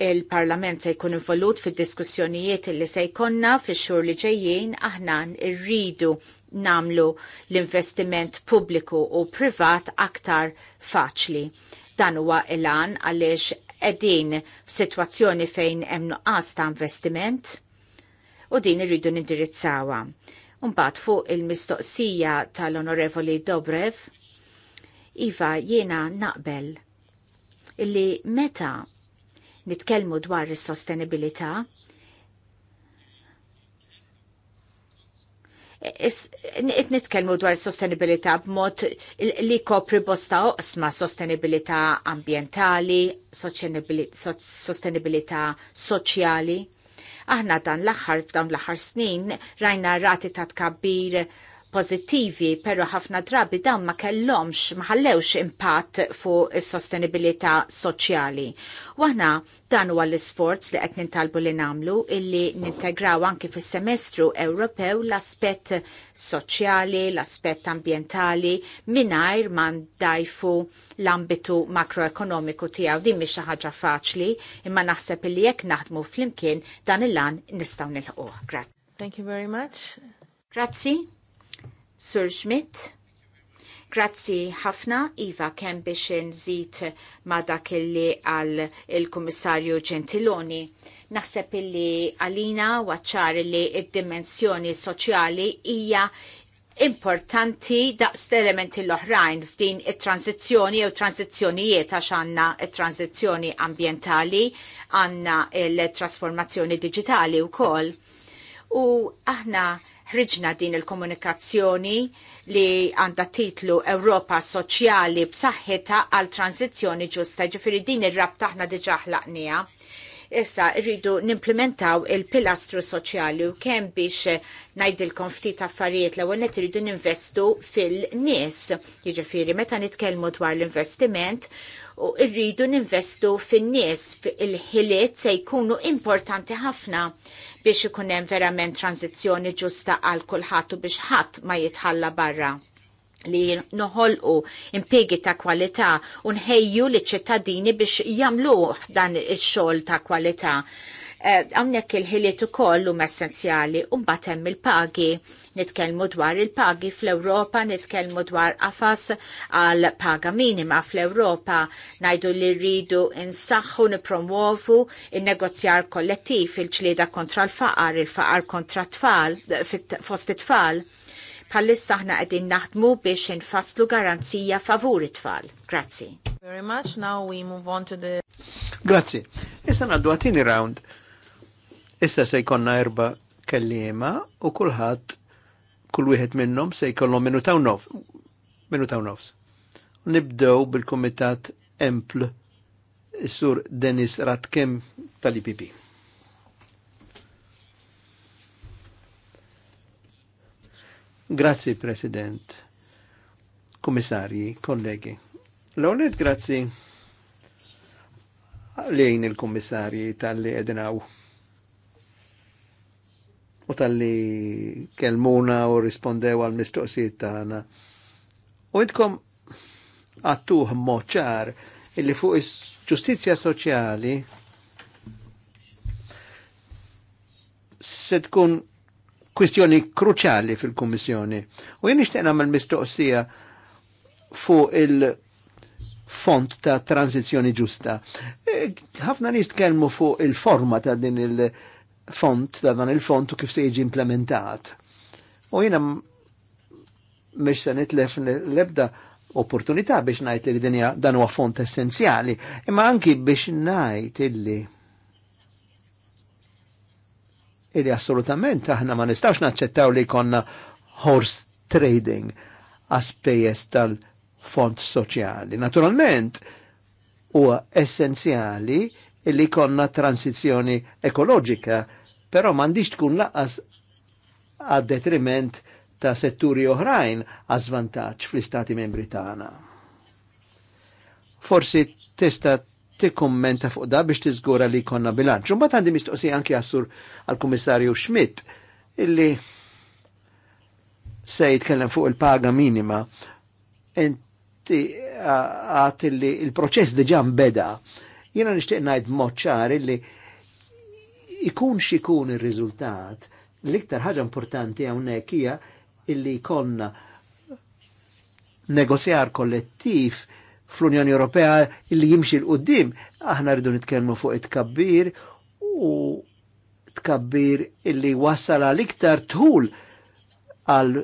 il-Parlament se jkun involut fid-diskussjonijiet li se jkollna fix-xhur li ġejjin aħna rridu namlu l-investiment pubbliku u privat aktar faċli. Dan huwa ilan għaliex qegħdin f'sitwazzjoni fejn hemm nuqqas ta' investiment u din irridu nindirizzawha. Mbagħad fuq il-mistoqsija tal-Onorevoli Dobrev, Iva jiena naqbel illi meta nitkellmu dwar is-sostenibilità, qed nitkellmu dwar sostenibilità b'mod li kopri bosta oqsma sostenibilità ambjentali, sostenibilità soċjali. Aħna dan l-aħħar dan l-aħħar snin rajna rati ta' tkabbir pozittivi, pero ħafna drabi dawn ma kellhomx ma ħallewx impatt fuq is-sostenibilità soċjali. Waħna dan huwa l-isforz li qed nintalbu li nagħmlu illi nintegraw anke fis-semestru Ewropew l-aspett soċjali, l-aspett ambjentali mingħajr ma ndajfu l-ambitu makroekonomiku tiegħu din mhix xi ħaġa faċli, imma naħseb illi jekk naħdmu flimkien dan il-lan nistgħu nilħquh. Grazzi. Thank you very much. Grazzi. Sur Schmidt. Grazzi ħafna, Iva, kemm biex nżid ma dak illi għal il-Kummissarju Gentiloni. Naħseb illi għalina waċċar li id-dimensjoni soċjali hija importanti daqs elementi l-oħrajn f'din it-tranzizzjoni jew transizzjonijiet għax għandna it-tranzizzjoni ambientali, għandna il trasformazzjoni digitali wkoll. U aħna ħriġna din il-komunikazzjoni li għanda titlu Ewropa Soċjali b'saħħitha għal tranzizzjoni ġusta, ġifiri din ir-rabta aħna diġà ħlaqnija. Issa rridu nimplementaw il-pilastru soċjali u kemm biex ngħidilkom ftit affarijiet l ewwel rridu ninvestu fil-nies. Jiġifieri meta nitkellmu dwar l-investiment, u rridu ninvestu fin-nies il-ħiliet se jkunu importanti ħafna biex ikun hemm verament tranzizzjoni ġusta għal kulħadd u biex ħadd ma jitħalla barra li noħolqu impiegi ta' kwalità u nħejju li ċittadini biex jamlu dan ix-xogħol ta' kwalità. Eh, għamnek il-ħiliet u kollu essenzjali un hemm il-pagi. Nitkelmu dwar il-pagi fl-Europa, nitkelmu dwar afas għal paga minima fl-Europa. Najdu li rridu insaxħu, nipromuovu il-negozjar kollettiv, il-ċlieda kontra l-faqar, il-faqar kontra tfal, eh, fost it-tfal bħallissa ħna qegħdin naħdmu biex infasslu garanzija favuri tfal Grazzi. Very much, now we move on to the... Grazzi. Issa għaddu għatini round Issa se jkonna erba kellima u kulħadd kull wieħed minnhom se jkollhom minuta u nof. Minuta u nofs. Nibdew bil-Kumitat Empl sur Denis Ratkem tal-IPP. Grazzi, President, Komissarji, kollegi. L-għonet grazzi lejn il-Komissarji tal-li edinaw u tal-li kelmuna u rispondew għal mistoqsijiet tagħna. U intkom għattuh moċar illi fuq is-ġustizzja soċjali se tkun kwistjoni kruċali fil-Kummissjoni. U jien nixtieq nagħmel mistoqsija fuq il- font ta' tranzizjoni ġusta. E, ħafna nies tkellmu fuq il-forma ta' din il- font ta' dan il-font u kif se jiġi implementat. U jina mish se nitlef lebda opportunità biex najt li dinja dan huwa font essenzjali, imma anki biex najt illi illi assolutament aħna ma nistax naċċettaw li konna horse trading għaspejjes tal-font soċjali. Naturalment, huwa essenzjali illi konna transizjoni ekoloġika però m'għandix tkun laqqas għad detriment ta' setturi oħrajn għaz vantaġġ fl-istati membri tagħna. Forsi tista' tikkummenta fuq da biex tiżgura li konna bilanċ. Mbagħad għandi mistoqsija anke għassur għall-Kummissarju Schmidt illi se jitkellem fuq il-paga minima. Inti għat li il-proċess diġà beda. Jiena nixtieq ngħid moċċar illi ikun xikun ir-riżultat, l-iktar ħaġa importanti hawnhekk hija illi konna negozjar kollettiv fl-Unjoni Ewropea illi jimxi l-qoddim, aħna rridu nitkellmu fuq it-kabbir u tkabbir illi wassal għal iktar tħul għal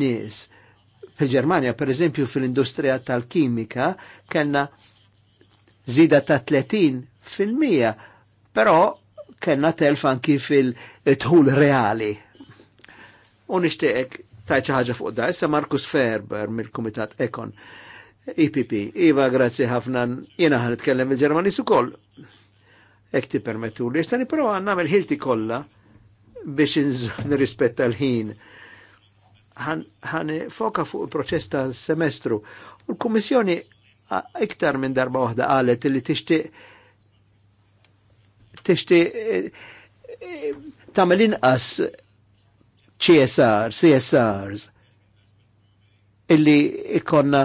nies. Fil-Germania, per eżempju, fil-industrija tal-kimika, kellna zida ta' 30 fil-mija, però kellna telf kif il tħul reali. U nixtieqek ħagġa xi ħaġa fuq da. Issa Markus Ferber mill-Kumitat Ekon. IPP. E iva, grazzi ħafna. Jena ħan itkellem il su koll. Ek ti permettu li. Istani però nagħmel ħilti kolla biex nirrispetta l-ħin. Għan foka fuq il-proċess tal-semestru. U l-Kummissjoni iktar minn darba waħda qalet li tixtieq tixti eh, tamel inqas CSR, CSRs, illi ikonna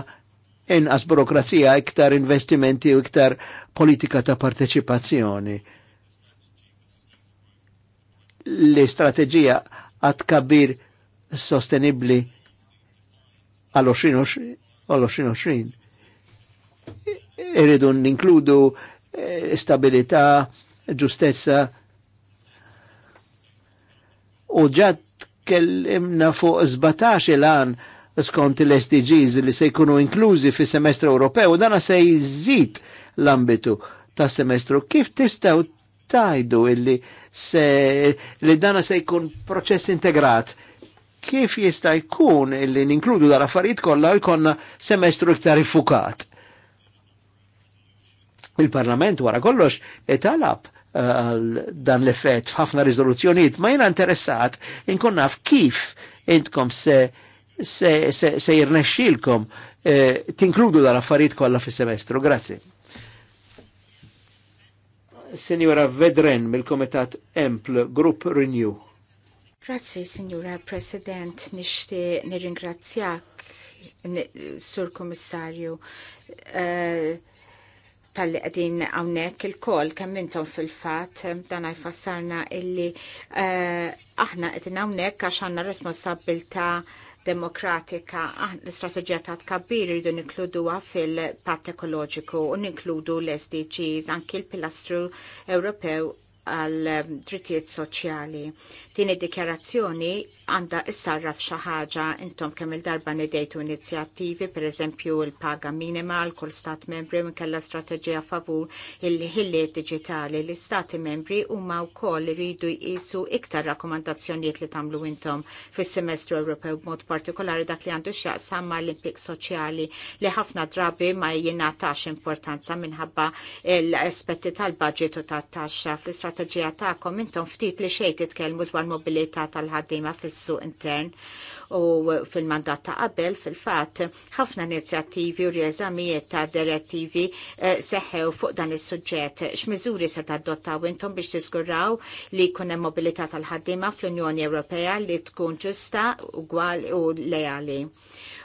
inqas burokrazija, iktar investimenti u iktar politika ta' parteċipazzjoni. L-istrateġija għad kabir sostenibli għal-2020. Irridu ninkludu eh, stabilità, ġustezza u ġat kellimna fuq 17 il an skont l-SDGs li se jkunu inklużi fi semestru Ewropew u dana se jżid l-ambitu ta' semestru. Kif tistaw tajdu illi se, li dana se jkun proċess integrat? Kif jista' jkun illi ninkludu dal-affarijiet kollha u jkollna semestru iktar ifukat? Il-Parlament wara kollox italab għal dan l-effett f'ħafna rizoluzzjonijiet, ma jiena interessat inkun naf kif intkom se se, se, se jirnexxilkom eh, tinkludu dal-affarijiet kollha fis-semestru. Grazzi. Senjora Vedren mill-Komitat Empl Group Renew. Grazzi, Signora President, nixti nirringrazzjak, Sur Komissarju. Uh, eh, tal-li għedin għawnek il-kol kemm intom fil-fat dan għajfassarna illi eh, aħna għedin għawnek għax għanna responsabilta demokratika l-istrateġija ta' tkabbir irridu ninkluduha fil-patt ekoloġiku u ninkludu l-SDGs anki l-pilastru Ewropew għal drittijiet soċjali. Din id-dikjarazzjoni għandha issarra fxaħġa ħaġa intom kemm il-darba nidejtu inizjattivi, pereżempju il-paga minima għal kull stat membri u kella strateġija favur il-ħiliet digitali. li stati membri huma wkoll ridu jqisu iktar rakkomandazzjonijiet li tagħmlu intom fis-semestru Ewropew b'mod partikolari dak li għandu x'jaqsam samma l-impik soċjali li ħafna drabi ma jingħatax importanza minħabba l-aspetti tal-budget u tat-taxxa fl-istrateġija tagħkom intom ftit li xejn titkellmu dwar għal-mobilità tal-ħaddiema fis-suq intern u fil-mandat ta' qabel fil-fatt ħafna inizjattivi u rieżamijiet ta' direttivi eh, seħħew fuq dan is-suġġett. X'miżuri se tadottaw intom biex tiżguraw li jkun hemm mobilità tal-ħaddiema fl-Unjoni Ewropea li tkun ġusta ugwal u lejali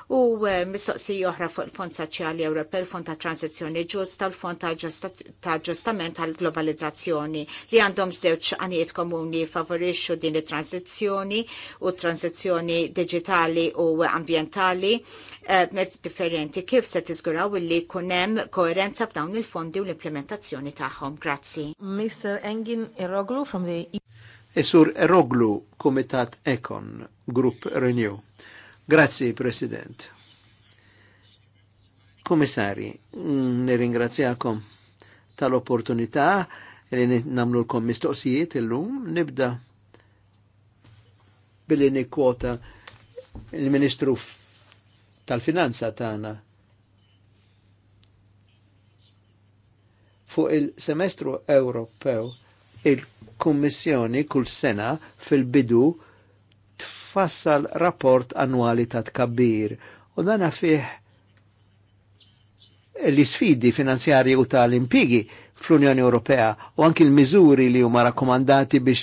u eh, mistoqsija oħra fuq il-Fond Soċjali Ewropew, il-Fond ta' Transizzjoni Ġusta, il-Fond ta' Ġustament tal-Globalizzazzjoni li għandhom żewġ għanijiet komuni favorixxu din it-transizzjoni u transizzjoni digitali u ambientali eh, mezz differenti kif se tiżguraw li hemm koerenza f'dawn il-fondi u l-implementazzjoni tagħhom. Grazzi. Mr. Engin Eroglu from the Esur Eroglu, Komitat Ekon, Grupp Renew. Grazzi, President. Komissari, nirringrazzjakom tal-opportunità li namlu l-kom mistoqsijiet illum. Nibda billi nikkwota il-Ministru tal-Finanza tagħna fuq il-semestru Ewropew il-Kummissjoni kull sena fil-bidu tfassal rapport annwali ta' tkabbir u dan fih l-sfidi finanzjarji u tal-impigi fl-Unjoni Ewropea u anki l-miżuri li huma rakkomandati biex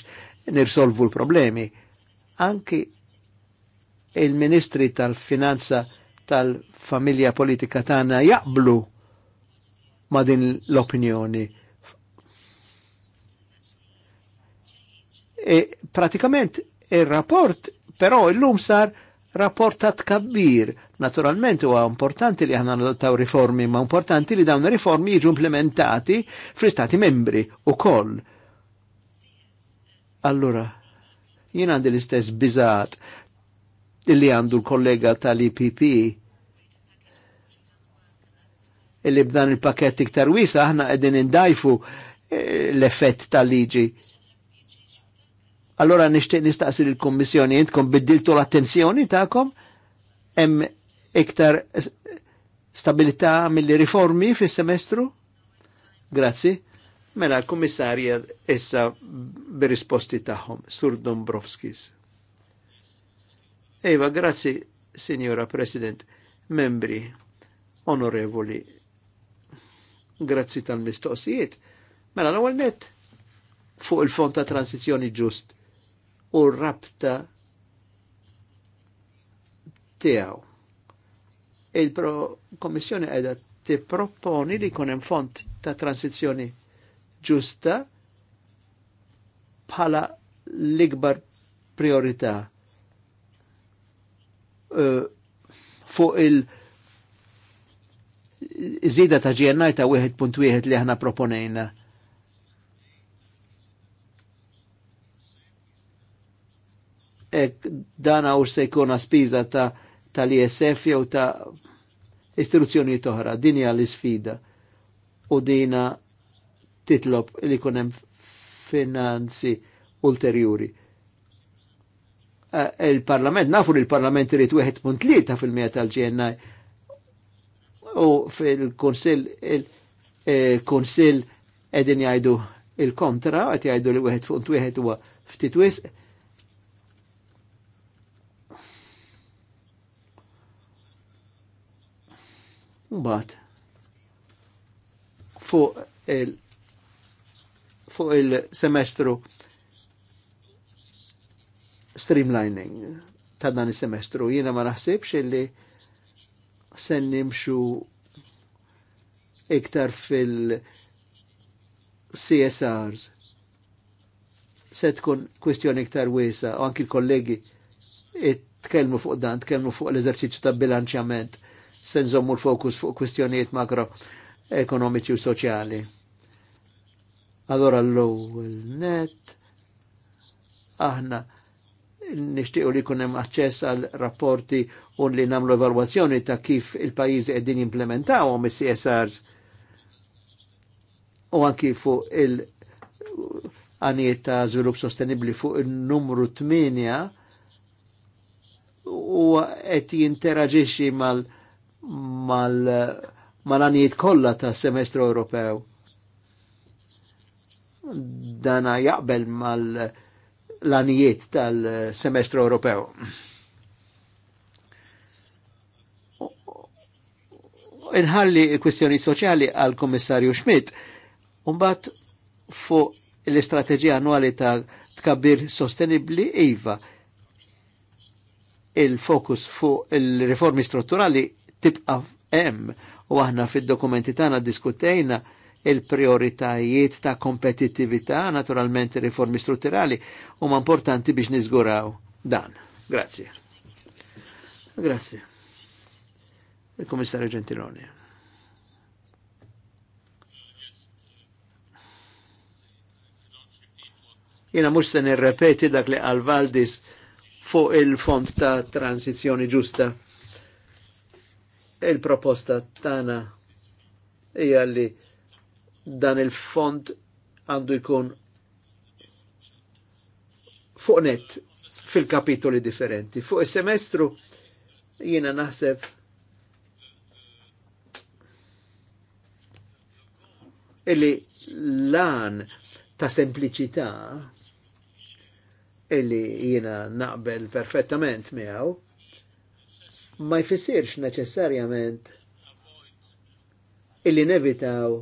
nirsolvu l-problemi. Anki il-Ministri tal-Finanza tal-Familja Politika tagħna jaqblu ma' din l-opinjoni. E pratikament il-rapport Però illum sar rapportat kabbir. Naturalment huwa importanti li aħna nadottaw riformi, ma importanti li dawn riformi jiġu implementati fl-istati membri u koll. Allura, jien għandi l-istess biżat illi għandu l-kollega tal-IPP illi b'dan il-pakett iktar wisa aħna qegħdin indajfu eh, l-effett tal-liġi Allora nishtiq nistaqsi l-Kommissjoni, jintkom biddiltu l-attenzjoni ta'kom, hemm iktar stabilità mill-riformi fis-semestru? Grazzi. Mela l-Kummissarja issa b risposti tagħhom, Sur Dombrovskis. Eva, grazzi, Signora President, membri, onorevoli, grazzi tal-mistoqsijiet. Mela l-ewwel fuq il-fond ta' transizjoni ġust u rabta tiegħu. Il-Kommissjoni qiegħda tipproponi li jkun hemm font ta' transizzjoni ġusta bħala l-ikbar priorità uh, fuq il- Zida ta' GNI ta' 1.1 li ħna proponejna dana u se jkuna spiża ta' tal-ISF jew ta' istituzzjoni toħra. Din hija l-isfida u dina titlob li hemm finanzi ulterjuri. Il-parlament, nafu li l parlament irrit 1.3 fil-mija tal-GNI u fil-konsil il-konsil eh, edin jajdu il-kontra, għet jajdu li 1.1 huwa ftit wisq, Mbagħad fuq il fuq il-semestru streamlining ta' dan il-semestru. Jiena ma naħsibx illi sen nimxu iktar fil-CSRs. Se tkun kwestjoni iktar wiesa, u anki l-kollegi tkellmu fuq dan, tkellmu fuq l-eżerċizzju ta' bilanċjament se l-fokus fuq kwistjonijiet makroekonomiċi u soċjali. Allora l-ewwel net aħna nixtiequ li jkun hemm aċċess għal rapporti u li nagħmlu evalwazzjoni ta' kif il-pajjiżi qegħdin jimplementawhom is-CSRs u anki fuq il- għaniet ta' żvilupp sostenibli fuq il-numru 8 u qed jinteraġixxi mal- mal-anijiet mal kollha tas semestru Ewropew. Dana jaqbel mal-anijiet tal-semestru Ewropew. Inħalli kwestjoni soċjali għal komissarju Schmidt, unbat fuq l-istrateġija annuali ta' tkabbir sostenibli IVA il-fokus fuq il-riformi strutturali tibqa' hemm u aħna fid-dokumenti tagħna diskutejna il-prioritajiet ta' kompetittività, naturalment riformi strutturali, huma importanti biex niżguraw dan. Grazie. Grazie. Il-Kommissario Gentiloni. Jena mux se nirrepeti dak li għal-Valdis fuq il font ta' transizjoni ġusta Il-proposta tana hija li dan il-font għandu jkun fuq net fil-kapitoli differenti. Fuq il-semestru jiena naħseb illi lan ta' sempliċità illi jiena naqbel perfettament miegħu ma jfissirx neċessarjament illi nevitaw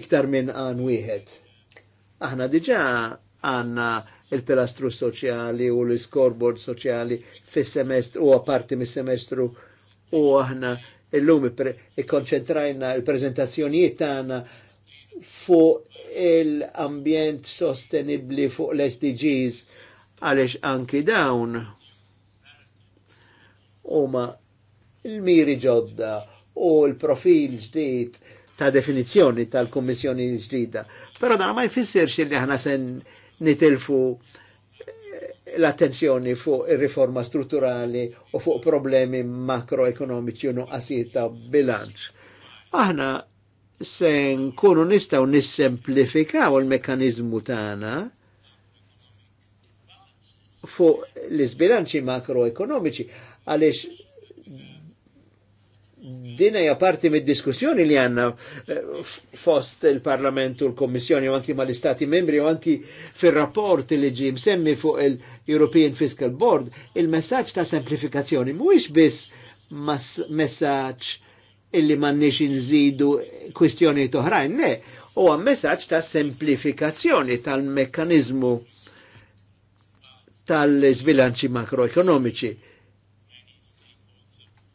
iktar minn għan wieħed. Aħna diġa għanna il-pilastru soċjali u l-scoreboard soċjali fis-semestru u għaparti mis-semestru u aħna illum ikkonċentrajna il-prezentazzjonijiet tagħna fuq il-ambjent sostenibli fuq l-SDGs għaliex anki dawn huma il-miri ġodda u l-profil ġdid ta' definizzjoni tal-Kummissjoni ġdida. Però dan ma jfissirx li aħna sen nitilfu eh, l-attenzjoni fuq ir-riforma strutturali u fuq problemi makroekonomiċi u nuqqasijiet ta' bilanċ. Aħna se nkunu nistgħu nissemplifikaw il-mekkaniżmu tagħna fuq l-isbilanċi makroekonomiċi għaliex din hija parti mid-diskussjoni li għanna eh, fost il-Parlament u l-Kommissjoni u anki mal-Istati membri u anki fil-rapport li ġi msemmi fuq il-European Fiscal Board, il messagġ ta' semplifikazzjoni mhuwiex biss messaġġ illi nix inżidu kwistjoni toħrajn, ne, u għam messaġġ ta' semplifikazzjoni tal mekanizmu tal-sbilanċi makroekonomiċi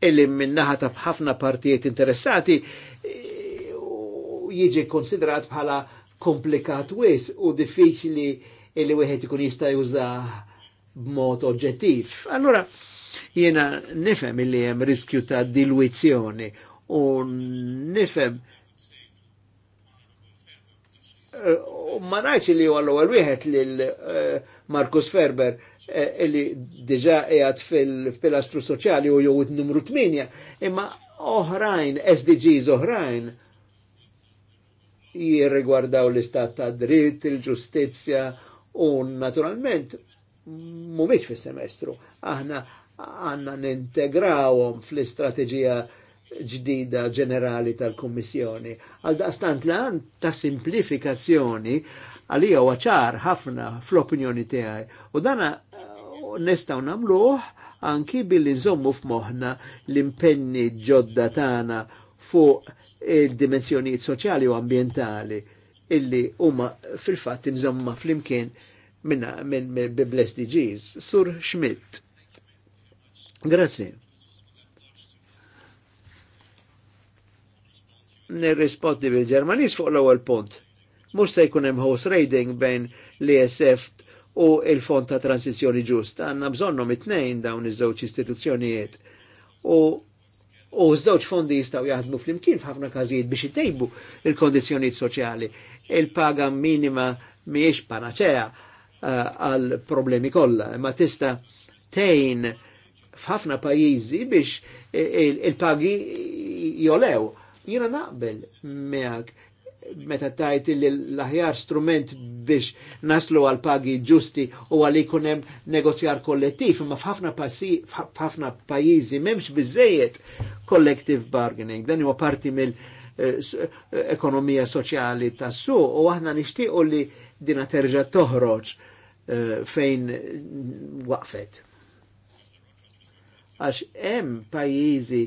illi minnaħa ta' ħafna partijiet interessati e, jiġi konsiderat bħala komplikat wis u diffiċli illi wieħed ikun jista' juża b'mod oġġettiv. Allura jiena nifhem illi hemm riskju ta' dilwizzjoni u nifhem Eh, ma najċ li huwa l-ewwel wieħed lil eh, Markus Ferber eh, li diġà qiegħed fil-pilastru soċjali u jew numru 8, imma oħrajn, SDGs oħrajn jirrigwardaw l-istat ta' dritt, il-ġustizzja u naturalment mhumiex fis-semestru. Aħna għanna nintegrawhom fl-istrateġija ġdida ġenerali tal-Kummissjoni. Għal daqstant lan ta' simplifikazzjoni għalija waċar ħafna fl-opinjoni tiegħi. U dana uh, nistgħu nagħmluh anki billi nżommu f'moħħna l-impenni ġodda tagħna fuq il-dimensjonijiet soċjali u ambientali illi huma fil-fatt inżomma fl-imkien minn min, min, min, Sur Schmidt. Grazie. nirrispondi bil-Ġermanis fuq l-ewwel punt. Mhux se jkun hemm host raiding bejn l-ISF u il-Fond ta' Transizjoni Ġust. Għandna bżonnhom it-tnejn dawn iż-żewġ istituzzjonijiet. U u żewġ fondi jistgħu jaħdmu flimkien f'ħafna każijiet biex itejbu il-kondizzjonijiet soċjali. Il-paga minima mhijiex panaċea eh, għal uh, problemi kollha, imma tista' tejn f'ħafna pajjiżi biex il-pagi il il Jina naqbel meħak meta tajt li l-aħjar strument biex naslu għal pagi ġusti u għal ikunem negozjar kollettiv, ma f'ħafna pajizi memx bizzejiet collective bargaining. Dan huwa parti mill eh, eh, ekonomija soċjali tassu u aħna nixtiequ li dina terġa' toħroġ eh, fejn waqfet. Għax hemm pajjiżi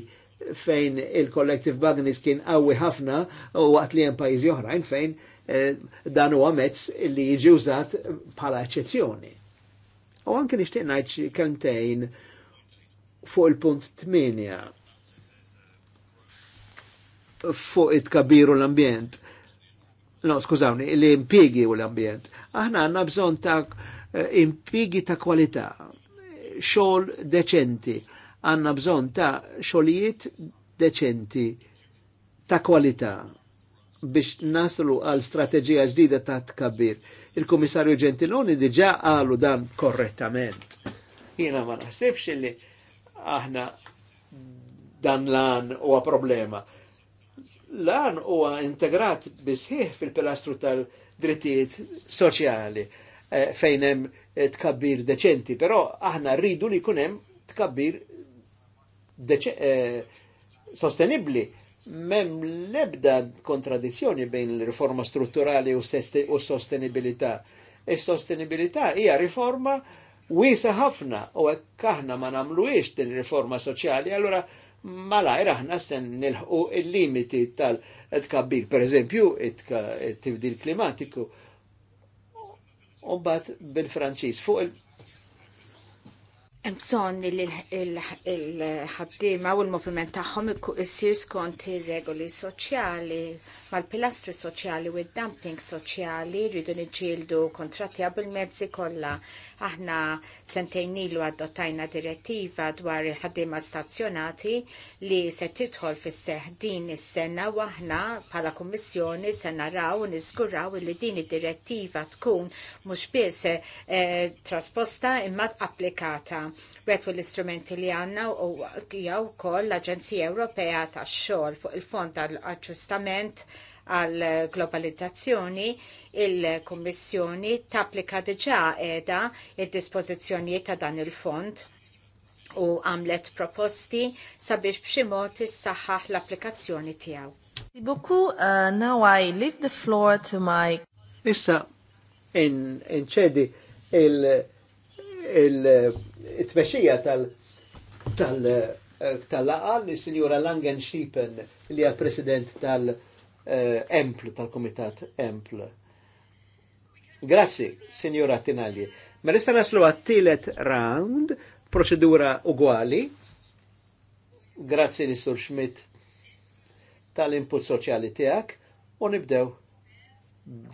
fejn il-collective bargaining kien qawwi ħafna u waqt li hemm pajjiżi oħrajn fejn eh, dan huwa mezz li jiġi użat bħala eċċezzjoni. U anke nixtieq ngħid kelmtejn fuq il-punt 8 fuq it-kabiru l-ambjent. No, skużawni, l-impiegi u l-ambjent. Aħna għandna bżonn ta' eh, impiegi ta' kwalità, xogħol deċenti għanna bżon ta' xolijiet deċenti ta' kwalità biex naslu għal strateġija ġdida ta' tkabbir. Il-Komissarju Gentiloni diġa għalu dan korrettament. Jena ma naħsibx li aħna dan lan huwa problema. Lan huwa integrat bisħiħ fil-pilastru tal-drittijiet soċjali eh, fejn hemm tkabbir deċenti, però aħna rridu li jkun hemm tkabbir Eh, sostenibli mem lebda kontradizzjoni bejn l-riforma strutturali u, u sostenibilità. Is-sostenibilità e hija riforma wiesa ħafna u hekk aħna ma nagħmluhiex din riforma soċjali, allura malajr aħna sen nilħu il-limiti tal-tkabbir, per eżempju, it-tibdil klimatiku. Umbat bil-Franċiż fuq il- Mson li l-ħaddima u l-moviment tagħhom issir skont ir-regoli soċjali mal-pilastri soċjali u il dumping soċjali rridu niġġieldu kontratti bil-mezzi kollha. Aħna sentejnilu ilu adottajna direttiva dwar il-ħaddima stazzjonati li se tidħol fis-seħ din is-sena u aħna bħala kummissjoni se naraw u niżguraw li din id-direttiva tkun mhux biss eh, trasposta imma applikata wettu l-istrumenti li għanna u jew koll l-Aġenzija Ewropea tax xogħol fuq il-Fond tal-Aġġustament għal globalizzazzjoni il-Kommissjoni tapplika diġà edha il dispożizzjonijiet ta' dan il-fond u għamlet proposti sabiex b'xi mod issaħħaħ l-applikazzjoni tiegħu. Boku, uh, now I leave the floor to my... Issa, in, in il- il tmexija tal- tal eh, li il-Sinjura Langen Schiepen li hija president tal-Empl, eh, tal-Komitat Empl. Grassi, Signora Tinalli. Ma nista naslu għat-tielet round, proċedura uguali. Grazzi li Sur Schmidt tal-input soċjali tiegħek u nibdew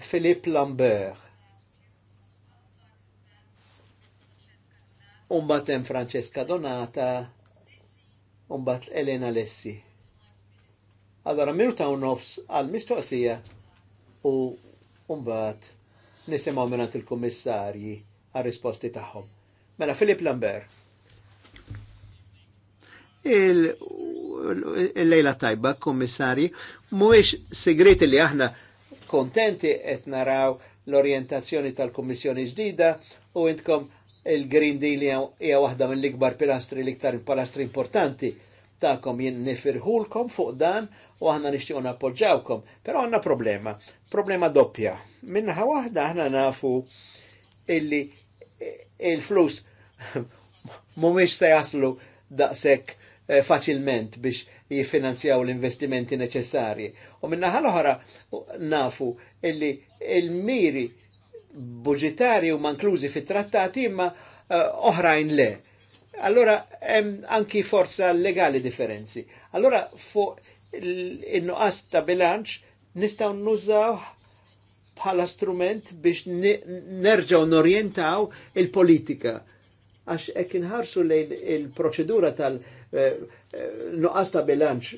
Philippe Lambert. Umbat hemm Francesca Donata, umbat Elena Lessi. Allora minuta u nofs għal-mistoqsija u umbat nisimaw minnant il-kommissarji għal-risposti tagħhom. Mela Filip Lambert. Il-lejla tajba, kommissarji, mhuwiex segreti li aħna kontenti qed naraw l-orientazzjoni tal-Kummissjoni ġdida u intkom il-Green Deal hija waħda mill-ikbar pilastri l-iktar pilastri importanti ta'kom jien nifirħulkom fuq dan u aħna nixtiequ nappoġġawkom. Però għandna problema, problema doppja. Minnaħa waħda aħna nafu illi il-flus <laughs> mhumiex se jaslu daqshekk eh, faċilment biex jifinanzjaw l-investimenti neċessarji. U minnaħal oħra nafu illi il-miri budgetari u manklużi fit-trattati imma eh, oħrajn le. Allora hemm anki forza legali differenzi. Allora fuq il nuqas ta' bilanċ nistgħu nużaw bħala strument biex nerġaw norjentaw il-politika. Għax ekin ħarsu lejn il-proċedura tal- eh, nuqqas ta' bilanċ,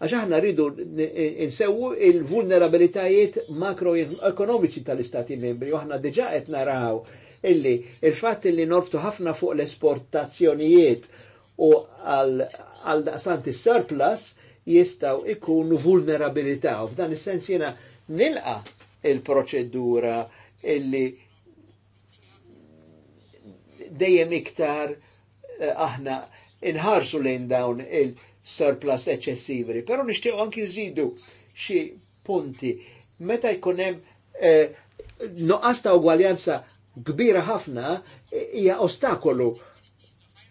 għax aħna rridu nsewu il-vulnerabilitajiet makroekonomiċi tal-istati membri, u aħna diġa qed naraw illi il-fatt li norbtu ħafna fuq l-esportazzjonijiet u għal santi surplus jistaw ikunu vulnerabilità. U f'dan is-sens jiena nilqa il-proċedura illi dejjem iktar eh, aħna inħarsu lejn dawn il-surplus eċessivi. Però nishtiq anki zidu xi punti. Meta jkun hemm eh, noqqas ta' ugwaljanza kbira ħafna hija ostakolu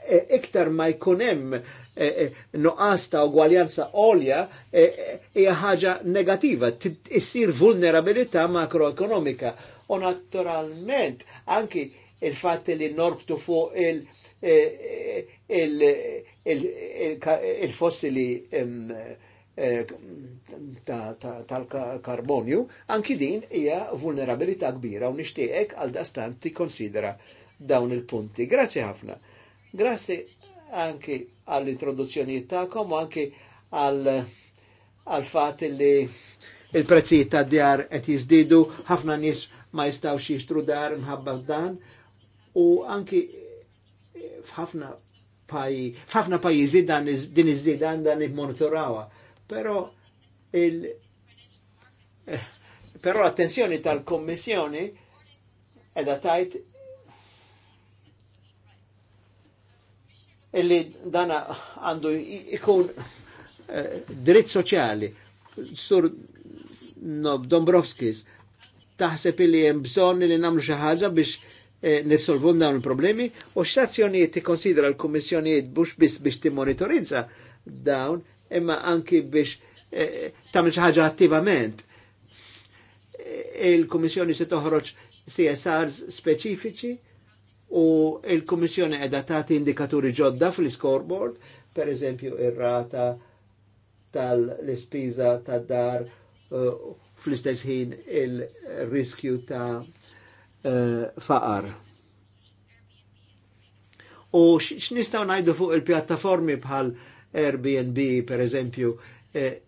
eh, iktar ma jkun hemm eh, eh, noqqas ta' ugwaljanza olja hija ħaġa negativa, tissir vulnerabilità makroekonomika. U naturalment anki il fat li norbtu fuq il-fossili tal-karbonju, anki din hija vulnerabilità kbira u nixtieqek għal ti konsidera dawn il-punti. Grazzi ħafna. Grazzi anki għall-introduzzjoni ta'kom u anki għal-fat li il-prezzijiet ta' djar qed jiżdiedu ħafna nies ma jistgħux jixtru dar mħabba dan u anki f'ħafna f'ħafna pajjiżi dan din iż żida għandha nimmonitorawha. Però il eh, però l-attenzjoni tal-Kommissjoni edha tajt illi dana għandu ikun eh, dritt soċjali. Sur Dombrovskis taħseb illi hemm bżonn li nagħmlu xi ħaġa biex eh, dawn il-problemi u x'azzjonijiet tikkonsidra l-kummissjonijiet bux biss biex timmonitorizza dawn imma anki biex eh, tagħmel xi ħaġa attivament. Eh, il-kummissjoni se toħroġ CSRs speċifiċi u il-Kummissjoni edha tagħti indikaturi ġodda fl-scoreboard, per eżempju ir-rata tal-ispiża tad-dar eh, fl-istess ħin il-riskju ta' Eh, faqar. U x'nistgħu ngħidu fuq il-pjattaformi bħal Airbnb per eżempju eh,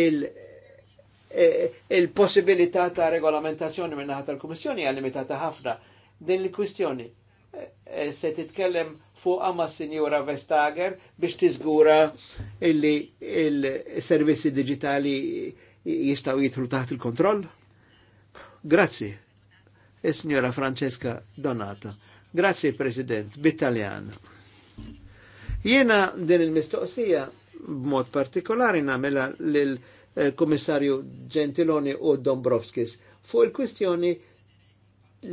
eh, il-possibilità ta' regolamentazzjoni minn naħa tal-Kummissjoni hija limitata ħafna. Din il-kwistjoni se titkellem fuq ma' Sinjura Vestager biex tiżgura illi il-servizzi digitali jistgħu jitru taħt il-kontroll? Grazzi il-Signora e Francesca Donata. Grazie President, B'Italjan. Jena din il-mistoqsija b'mod partikolari namela l-Komissarju eh, Gentiloni u Dombrovskis fuq il-kwistjoni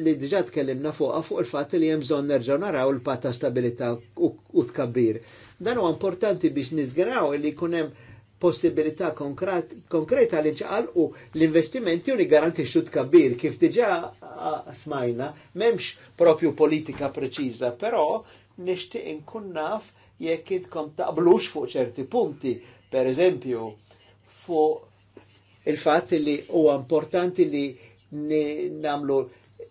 li diġa tkellimna fuqa fuq il fat li hemm bżonn nerġaw naraw l-pata stabilità u tkabbir. Dan huwa importanti biex nizgraw li jkun hemm possibilità konkreta li ġaqal u l-investimenti uni garanti garantixxu tkabbir kif diġa smajna m'hemmx propju politika preċiza, però nishti inkun naf jekk idkom taqblux fuq ċerti punti, per eżempju fuq il fat li huwa importanti li namlu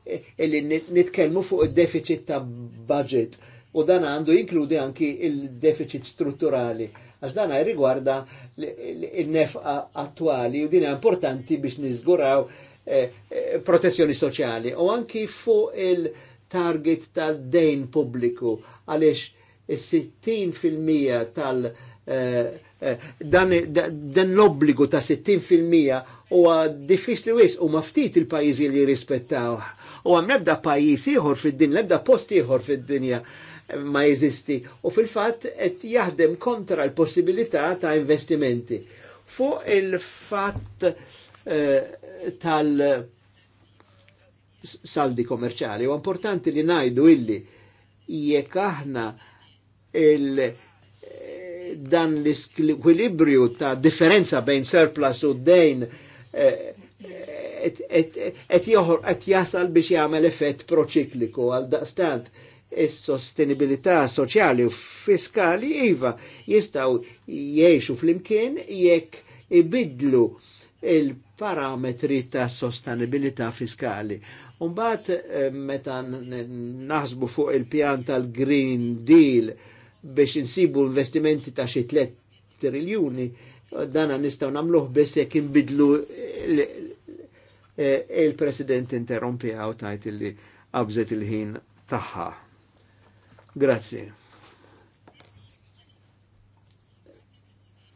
e, li nitkellmu fuq id-deficit ta' budget u dan għandu jinkludi anki il-deficit strutturali għax dana jirrigwarda il-nefqa attuali u dina importanti biex nizguraw eh, eh, protezzjoni soċjali u anki fuq il-target tal-dejn pubbliku għaliex il-60% tal- eh, dan, l-obbligu ta' 60% huwa diffiċli wis u maftit il-pajjiżi li jirrispettaw. U għam nebda pajjiż ieħor fid-dinja, nebda posti ieħor fid-dinja ma jeżisti u fil fat qed jaħdem kontra l-possibilità ta' investimenti. Fuq il fat eh, tal- saldi kommerċali. U importanti li najdu illi jekk aħna il eh, dan l-skwilibrju ta' differenza bejn surplus u dejn eh, et jasal biex jagħmel effett proċikliku għal daqstant is-sostenibilità soċjali u fiskali iva jistaw jiexu fl-imkien jekk ibidlu il-parametri ta' sostenibilità fiskali. Umbat eh, meta naħsbu fuq il-pjan tal-Green Deal biex insibu investimenti ta' xi 3 triljuni, dana nistgħu nagħmluh biss jekk inbidlu eh, il-President interrompi għaw tajt li qabżet il-ħin tagħha. Grazie.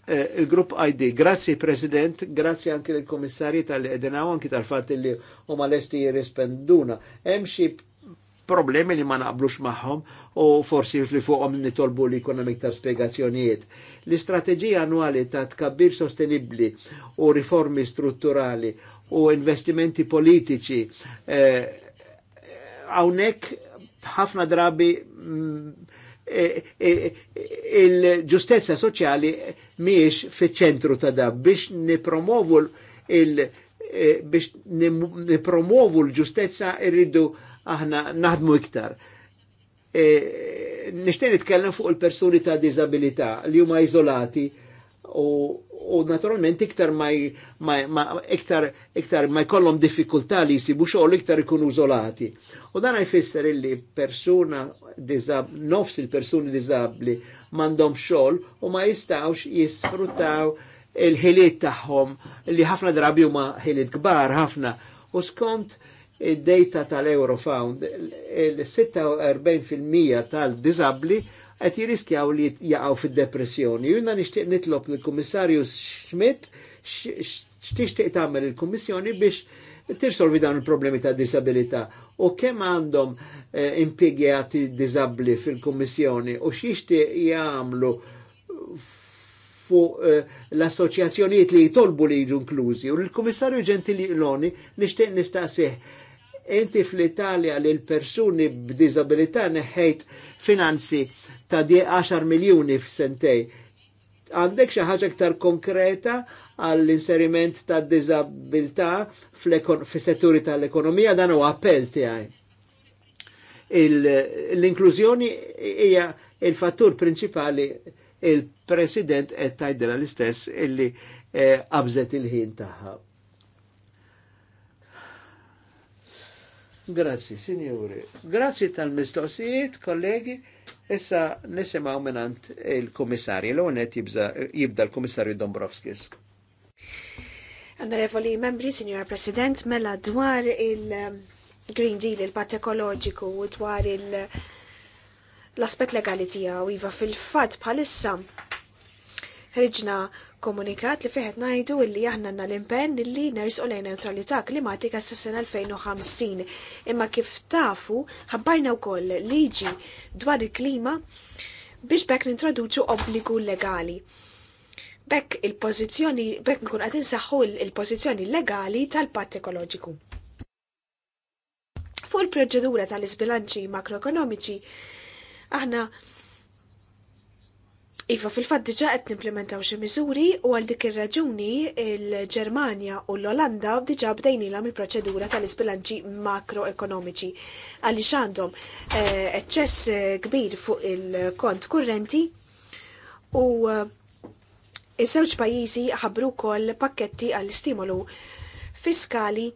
Eh, il-grupp ID. Grazie President, grazie anche del commissario tal-Edenaw, anche tal fatti li o malesti rispenduna. Hemm xi problemi li ma naqblux magħhom u forsi li fuqhom nitolbu li kuna hemm iktar L-istrateġija annuali ta' tkabbir sostenibbli u riformi strutturali u investimenti politiċi eh, eh, hawnhekk eh, ħafna drabi mm, e, e, e, il-ġustezza soċjali miex fiċ-ċentru ta' da biex nipromovu il- biex nipromovu l-ġustezza irridu aħna naħdmu iktar. Nishtieni nitkellem fuq il-persuni ta' disabilità li huma izolati u, u naturalment iktar ma, ma, ma, iktar, iktar ma jkollhom diffikultà li jsibu xogħol iktar ikunu użolati. U dan jfisser illi persuna dizab, nofs il-persuni diżabbli m'għandhom xogħol u ma jistawx jisfruttaw il-ħiliet tagħhom li ħafna drabi huma ħiliet kbar ħafna. U skont id-data tal-Eurofound, il-46% tal-diżabbli il 46 tal diżabbli il qed jiriskjaw li jaqgħu fid-depressjoni. Juna nixtieq nitlob lill-Kummissarju Schmidt x'tixtieq tagħmel il-Kummissjoni biex tirsolvi dawn il-problemi ta' disabilita. u kemm għandhom eh, impjegati diżabbli fil-Kummissjoni u x'jixtieq jagħmlu fuq eh, l-assoċjazzjonijiet li jitolbu li jiġu inklużi. U l-Kummissarju Gentiloni nixtieq nistaqsih Enti fl-Italja li l-persuni b'dizabilità neħħejt finanzi ta' die 10 miljuni f'sentej. Għandek xi ħaġa aktar konkreta għall-inseriment ta' disabilità fis-setturi tal-ekonomija dan huwa appell tiegħi. L-inklużjoni hija il-fattur prinċipali il-President qed tgħidilha l-istess illi qabżet eh, il-ħin tagħha. Grazzi, signori. Grazzi tal-mistoqsijiet, kollegi. Issa nisimaw minnant il komissarji L-għonet jibda l-komissarju Dombrovskis. Onorevoli membri, signora President, mela dwar il-Green um, Deal, il patt Ekoloġiku u dwar l-aspet legali tijaw, iva fil-fat bħalissa ħriġna komunikat li feħet najdu illi aħna nna l-impenn illi nerisqu lejn neutralità klimatika s sena 2050. Imma kif tafu, ħabbarna wkoll liġi dwar il-klima biex bekk nintroduċu obbligu legali. Bekk il-pozizjoni, bekk nkun qed insaħħu il-pozizjoni legali tal-patt ekoloġiku. Fuq il-proċedura tal-isbilanċi makroekonomiċi, aħna Iva fil-fat diġa qed nimplementaw xi miżuri u għal dik ir-raġuni il-Ġermanja u l-Olanda diġa bdejnilhom il-proċedura tal-isbilanċi makroekonomiċi għaliex għandhom eh, eċċess eh, kbir fuq il-kont kurrenti u eh, iż-żewġ pajjiżi ħabru wkoll pakketti għall-istimolu fiskali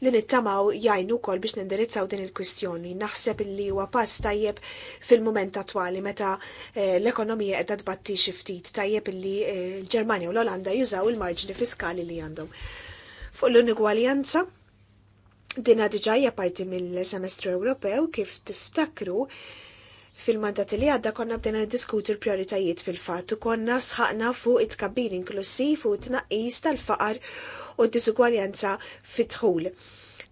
li nittamaw jajnu kol biex nindirizzaw din il-kwistjoni. Naħseb li huwa pass tajjeb fil-moment attwali meta eh, l-ekonomija qed tbatti xi ftit tajjeb li eh, l-Ġermanja u l-Olanda jużaw il-marġni fiskali li għandhom. Fuq l unigwaljanza din dina hija parti mill-semestru Ewropew kif tiftakru fil-mandat li għadda konna bdejna niddiskutu l-prioritajiet fil-fatt u konna sħaqna fuq it-kabbir inklusiv u t-naqis tal-faqar u d-disugwaljanza fit-tħul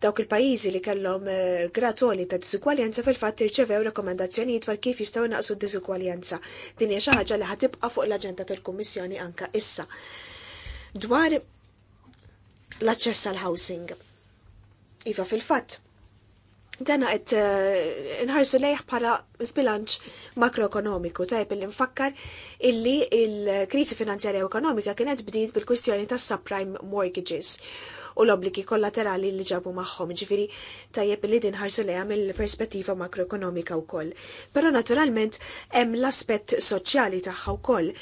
dawk il-pajjiżi li kellhom eh, gratoli ta' diżugwaljanza fil-fatt irċevew rekomendazzjonijiet dwar kif jistgħu naqsu d-diżugwaljanza. Din hija xi ħaġa li ħatibqa' fuq l-aġenda tal-Kummissjoni anka issa. Dwar l-aċċess għall housing. Iva fil-fatt, dana qed eh, nħarsu lejħ bħala sbilanċ makroekonomiku tajb illi nfakkar illi il-kriżi finanzjarja u ekonomika kienet bdiet bil-kwistjoni tas subprime mortgages u l-obbligi kollaterali li ġabu magħhom ġifiri tajjeb li din ħarsu lejha mill-perspettiva makroekonomika wkoll. Però naturalment hemm l-aspett soċjali tagħha wkoll.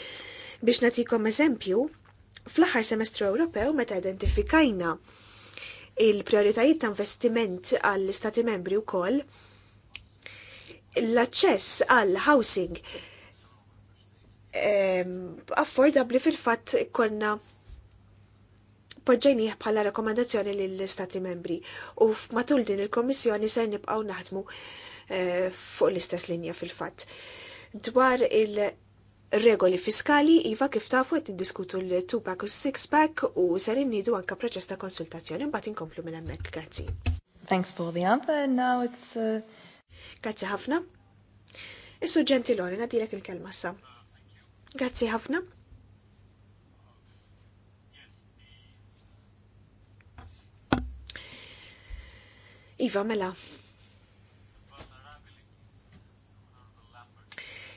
Biex nagħtikom eżempju, fl-aħħar semestru Ewropew meta identifikajna il-prioritajiet ta' investiment għall-Istati membri wkoll l-aċċess għall housing ehm, affordabli fil-fatt konna poġġejni bħala rekomendazzjoni lill-Istati membri u matul din il komissjoni ser nibqgħu naħdmu eh, fuq l-istess linja fil-fatt. Dwar il- regoli fiskali iva kif tafu qed diskutu l-2-pack u 6-pack u sarin nidu anka proċess ta' konsultazzjoni mbagħad inkomplu minn hemmhekk. Grazzi. Thanks for the answer and now it's uh... Grazzi ħafna. Issu suġġenti Lori nadilek il-kelma sa. Grazzi ħafna. Iva, mela,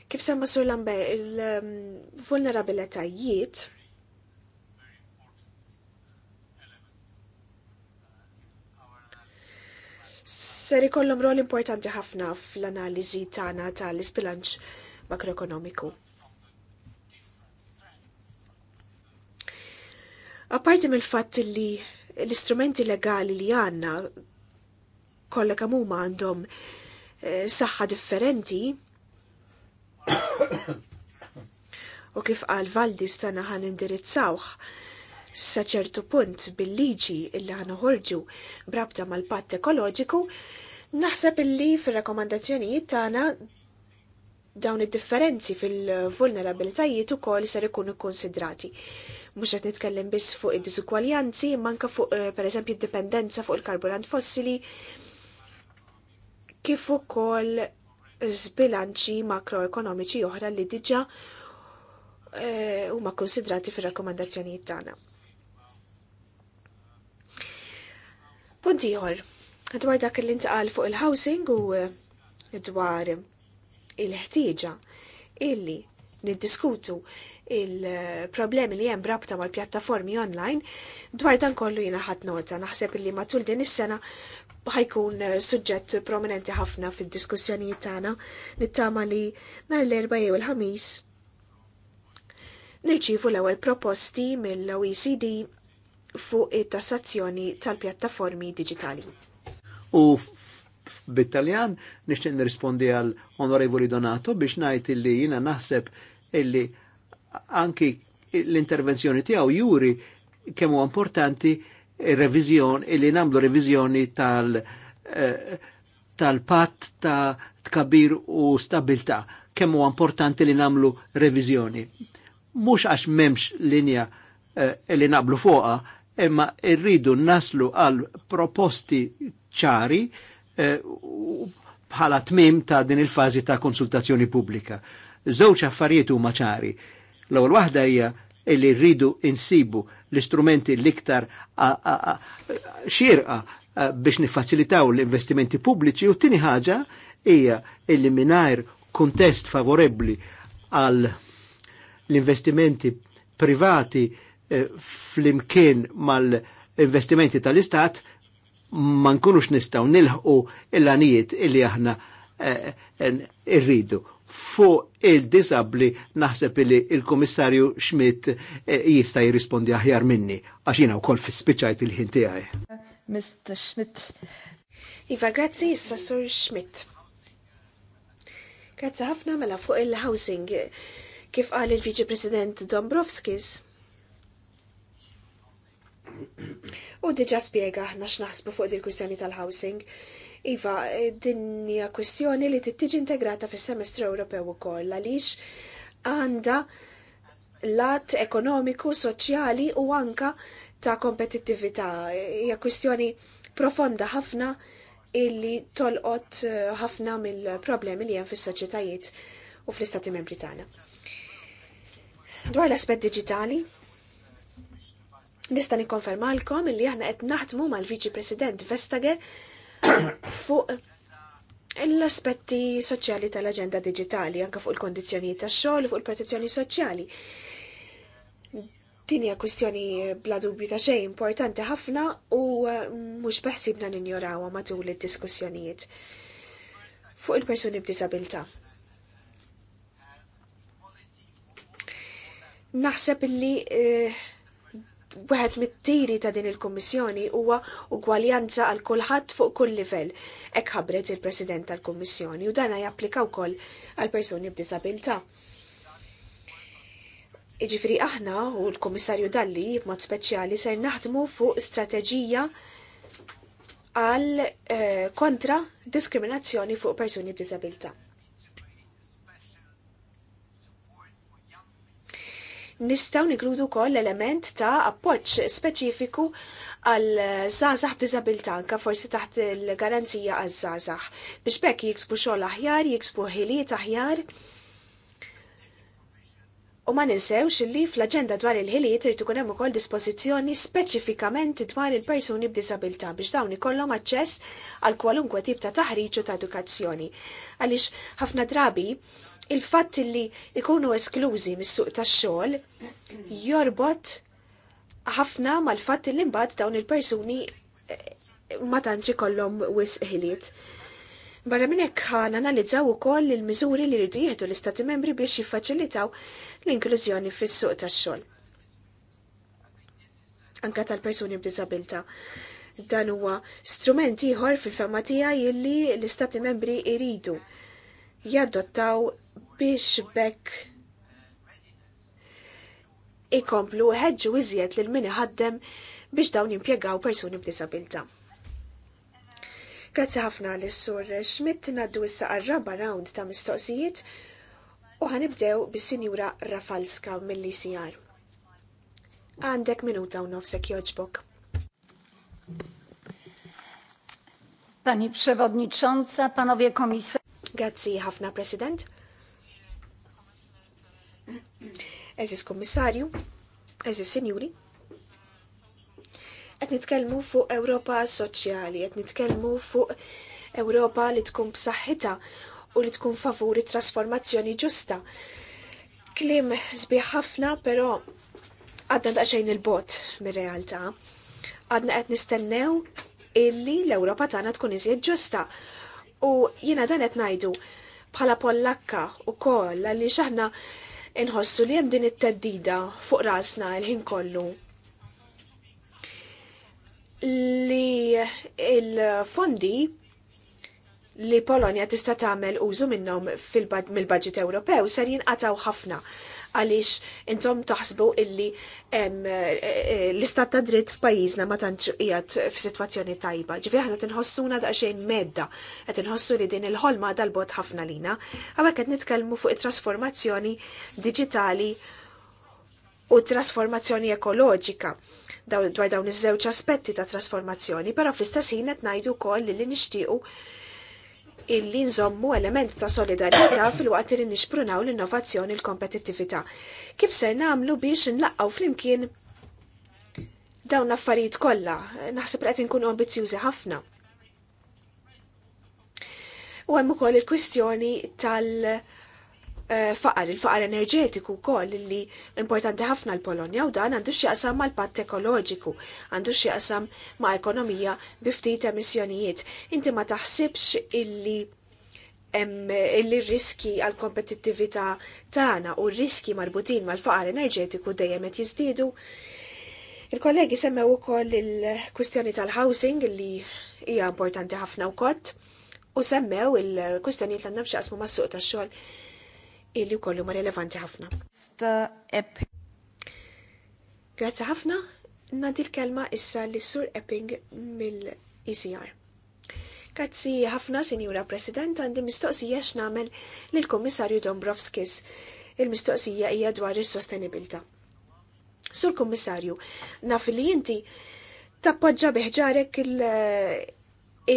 Kif semma Sur Lambert, il-vulnerabilitajiet um, ser ikollhom rol importanti ħafna fl-analiżi tagħna tal-isbilanċ makroekonomiku. Apparti mill-fatt li l-istrumenti legali li għanna kollha kemm huma għandhom eh, saħħa differenti, U kif għal Valdi stana ħan indirizzawħ sa ċertu punt bil-liġi illi ħan uħorġu brabta mal-patt ekoloġiku, naħseb illi fil-rakomandazzjonijiet tagħna dawn id-differenzi fil-vulnerabilitajiet ukoll ser ikunu konsidrati. Mhux qed nitkellem biss fuq id-disugwaljanzi, manka fuq eh, pereżempju id-dipendenza fuq il-karburant fossili, kif ukoll sbilanċi makroekonomiċi oħra li diġa eh, huma konsidrati fir-rakkomandazzjonijiet tagħna. Punt ieħor, dwar dak li intqal fuq il-housing u eh, dwar il-ħtieġa illi niddiskutu il-problemi li hemm rabta mal-pjattaformi online dwar dan kollu jiena ħadd nota naħseb illi matul din is-sena ħajkun eh, suġġett prominenti ħafna fid-diskussjonijiet tagħna nittama li nhar l-erba' jew il-ħamis nirċivu l-ewwel proposti mill-OECD fuq it-tassazzjoni tal-pjattaformi digitali. U bit-Taljan nixtieq nirrispondi għal Onorevoli Donato biex ngħid illi jiena naħseb illi anki l-intervenzjoni tiegħu juri kemm huwa importanti revizjon illi namlu revizjoni tal eh, tal-patt ta' tkabir u stabilta kemm huwa importanti li namlu revizjoni. Mhux għax memx linja eh, li namlu fuqa, imma irridu naslu għal proposti ċari eh, bħala tmim ta' din il-fazi ta' konsultazzjoni pubblika. Żewġ affarijiet huma ċari. L-ewwel waħda hija li rridu insibu l-istrumenti l-iktar xirqa biex nifacilitaw l-investimenti pubbliċi u tini ħaġa hija illi mingħajr kuntest favorebbli għal l-investimenti privati eh, fl-imkien mal-investimenti tal-istat ma nkunux nistaw nilħu il-għanijiet illi aħna eh, eh, irridu fuq il-disabli naħseb li il-komissarju Schmidt eh, jista jirrispondi aħjar minni, għax jina u kol fispiċajt il-ħin tiegħi. Mr. Schmidt. Iva, grazzi issa sur Schmidt. Grazzi ħafna mela fuq il-housing kif qal il-Viċi President Dombrovskis. U diġa spiega ħna x'naħsbu fuq il kwistjoni tal-housing. Iva, din hija li tittiġi integrata fis-semestru Ewropew ukoll għaliex għandha lat ekonomiku, soċjali u anka ta' kompetittività. Hija kwistjoni profonda ħafna illi tolqot eh, ħafna mill-problemi li hemm fis-soċjetajiet u fl-Istati Membri tagħna. Dwar l-aspett diġitali, nista' nikkonfermalkom li aħna qed naħdmu mal-Viċi President Vestager fuq l-aspetti soċjali tal-aġenda digitali, anka fuq il-kondizjoni tax-xogħol, fuq il-protezzjoni soċjali din hija kwistjoni bla dubju ta' xejn importanti ħafna u eh, mhux beħsibna ninjorawha matul id-diskussjonijiet fuq il-persuni b'disabilità. Naħseb illi eh, Weħed mit-tiri ta' din il-Kummissjoni huwa ugwaljanza għal kulħadd fuq kull livell, hekk ħabbret il-President tal-Kummissjoni u dan japplika wkoll għal persuni b'disabilità. Iġifri aħna u l-Kummissarju Dalli b'mod speċjali ser naħdmu fuq strateġija għal eh, kontra diskriminazzjoni fuq persuni b'disabilità. nistaw nikludu koll element ta' appoċ speċifiku għal zazax b'dizabilta anka forsi taħt il-garanzija għal zazax biex bekk jiksbu xogħol aħjar, jiksbu ħiliet aħjar. U ma ninsewx li fl-aġenda dwar il-ħiliet irid ikun hemm ukoll dispożizzjoni speċifikament dwar il-persuni b'disabilità biex dawn ikollhom aċċess għal kwalunkwe tip ta' taħriġ u ta' edukazzjoni. Għaliex ħafna drabi il-fatt li ikunu esklużi mis-suq tax-xogħol jorbot ħafna mal-fatt li mbagħad dawn il-persuni eh, ma tantx ikollhom wisq ħiliet. Barra minn hekk ħan analizzaw ukoll il-miżuri li jridu jieħdu l-Istati Membri biex jiffaċilitaw l-inklużjoni fis-suq tax-xogħol. Anka tal-persuni b'diżabilità. Dan huwa strument ieħor fil-fema tiegħi li l-Istati Membri jridu jadottaw biex bekk ikomplu ħedġu iżjed lil min ħaddem biex dawn jimpjegaw persuni b'disabilta. Grazzi ħafna l sur Schmidt naddu issa għarraba round ta' mistoqsijiet u ħanibdew bis-sinjura Rafalska mill-ICR. Għandek minuta u nofsek joġbok. Pani Przewodnicząca, Panowie Komisarze. Grazzi ħafna, President. Eżis Kommissarju, eżis Sinjuri. Qed nitkellmu fuq Ewropa Soċjali, qed nitkellmu fuq Ewropa li tkun b'saħħita u li tkun favuri trasformazzjoni ġusta. Klim sbieħ ħafna, però għadna daqsxejn il-bot mir-realtà. Għadna qed nistennew illi l-Ewropa tagħna tkun iżjed ġusta U jina dan qed ngħidu bħala Pollakka wkoll għalli xaħna inħossu li hemm din it-teddida fuq rasna l-ħin kollu li il-fondi li Polonja tista' tagħmel użu minnhom mill-budget Ewropew ser jinqataw ħafna għaliex intom taħsbu illi eh, eh, l-istat ta' dritt f'pajjiżna ma tantx qiegħed f'sitwazzjoni tajba. Ġifieri aħna tinħossuna daqsxejn medda, qed inħossu li din il-ħolma dal-bot ħafna lina, Għalhekk qed nitkellmu fuq it-trasformazzjoni diġitali u trasformazzjoni ekoloġika dwar dawn iż-żewġ aspetti ta' trasformazzjoni, però fl-istess ħin qed ngħidu wkoll li nixtiequ illi nżommu element ta' solidarjetà fil-waqt li nixprunaw l-innovazzjoni l-kompetittività. Kif ser namlu biex nlaqgħu flimkien dawn l-affarijiet kollha, naħseb qed inkunu ambizzjużi ħafna. U hemm ukoll il-kwistjoni tal- Eh, faqar, il-faqar enerġetiku kol li importanti ħafna l-Polonja u dan għandu xieqsam mal patt ekoloġiku, għandu xieqsam ma' ekonomija biftit emissjonijiet. Inti ma taħsibx illi illi riski għal kompetittività tagħna u riski marbutin mal-faqar enerġetiku dejjem qed jiżdiedu. Il-kollegi semmew ukoll il-kwistjoni tal-housing li hija importanti ħafna wkoll u semmew il-kwistjoni tal-nabxaqsmu mas-suq tax-xogħol illi kollu ma relevanti ħafna. Grazzi ħafna, nadi l-kelma issa li sur Epping mill-ECR. Grazzi ħafna, Sinjura President, għandi mistoqsija x'namel lill-Kummissarju Dombrovskis. Il-mistoqsija hija dwar is-sostenibilità. Sur Kummissarju, naf li inti tappoġġa biħġarek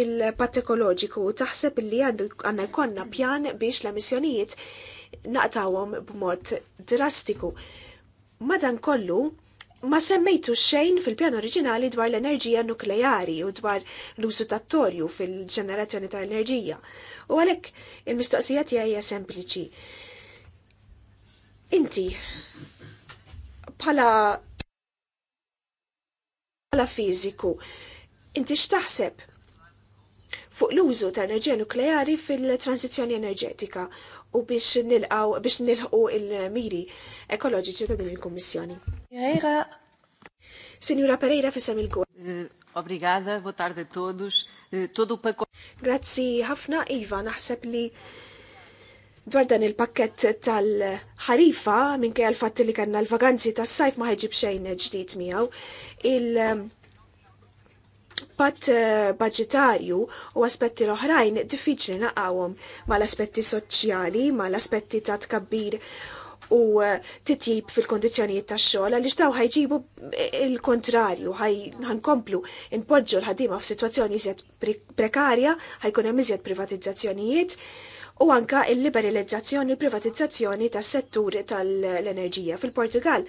il-patekoloġiku il u taħseb li għandna jkollna pjan biex l-emissjonijiet naqtawhom b'mod drastiku. Madan kollu, ma semmejtu xejn fil-pjan oriġinali dwar l-enerġija nukleari u dwar l-użu ta' torju fil-ġenerazzjoni ta' enerġija. U għalek il-mistoqsija tiegħi hija sempliċi. Inti bħala pala fiziku, inti x'taħseb fuq l-użu ta' enerġija nukleari fil transizjoni enerġetika u biex nilqaw biex nilħu il-miri ekoloġiċi ta' din il-Kummissjoni. Signora Pereira fissam il-gol. Eh, obrigada, bo tarde a Todu eh, peko. Grazzi ħafna Iva, naħseb li dwar dan il-pakket tal-ħarifa minn kaj fatt li kanna l-vaganzi tas-sajf ma ħeġib xejn ġdid miegħu. Il- pat eh, budgetarju u aspetti l-oħrajn diffiċli naqawhom mal-aspetti soċjali, mal-aspetti ta' tkabbir u eh, titjib fil-kondizjonijiet ta' xogħol għaliex daw ħajġibu eh, il-kontrarju, ħankomplu inpoġġu l-ħaddiema f'sitwazzjoni iżjed prekarja, ħajkun hemm iżjed privatizzazzjonijiet u anka il-liberalizzazzjoni u privatizzazzjoni tas settur tal-enerġija fil-Portugal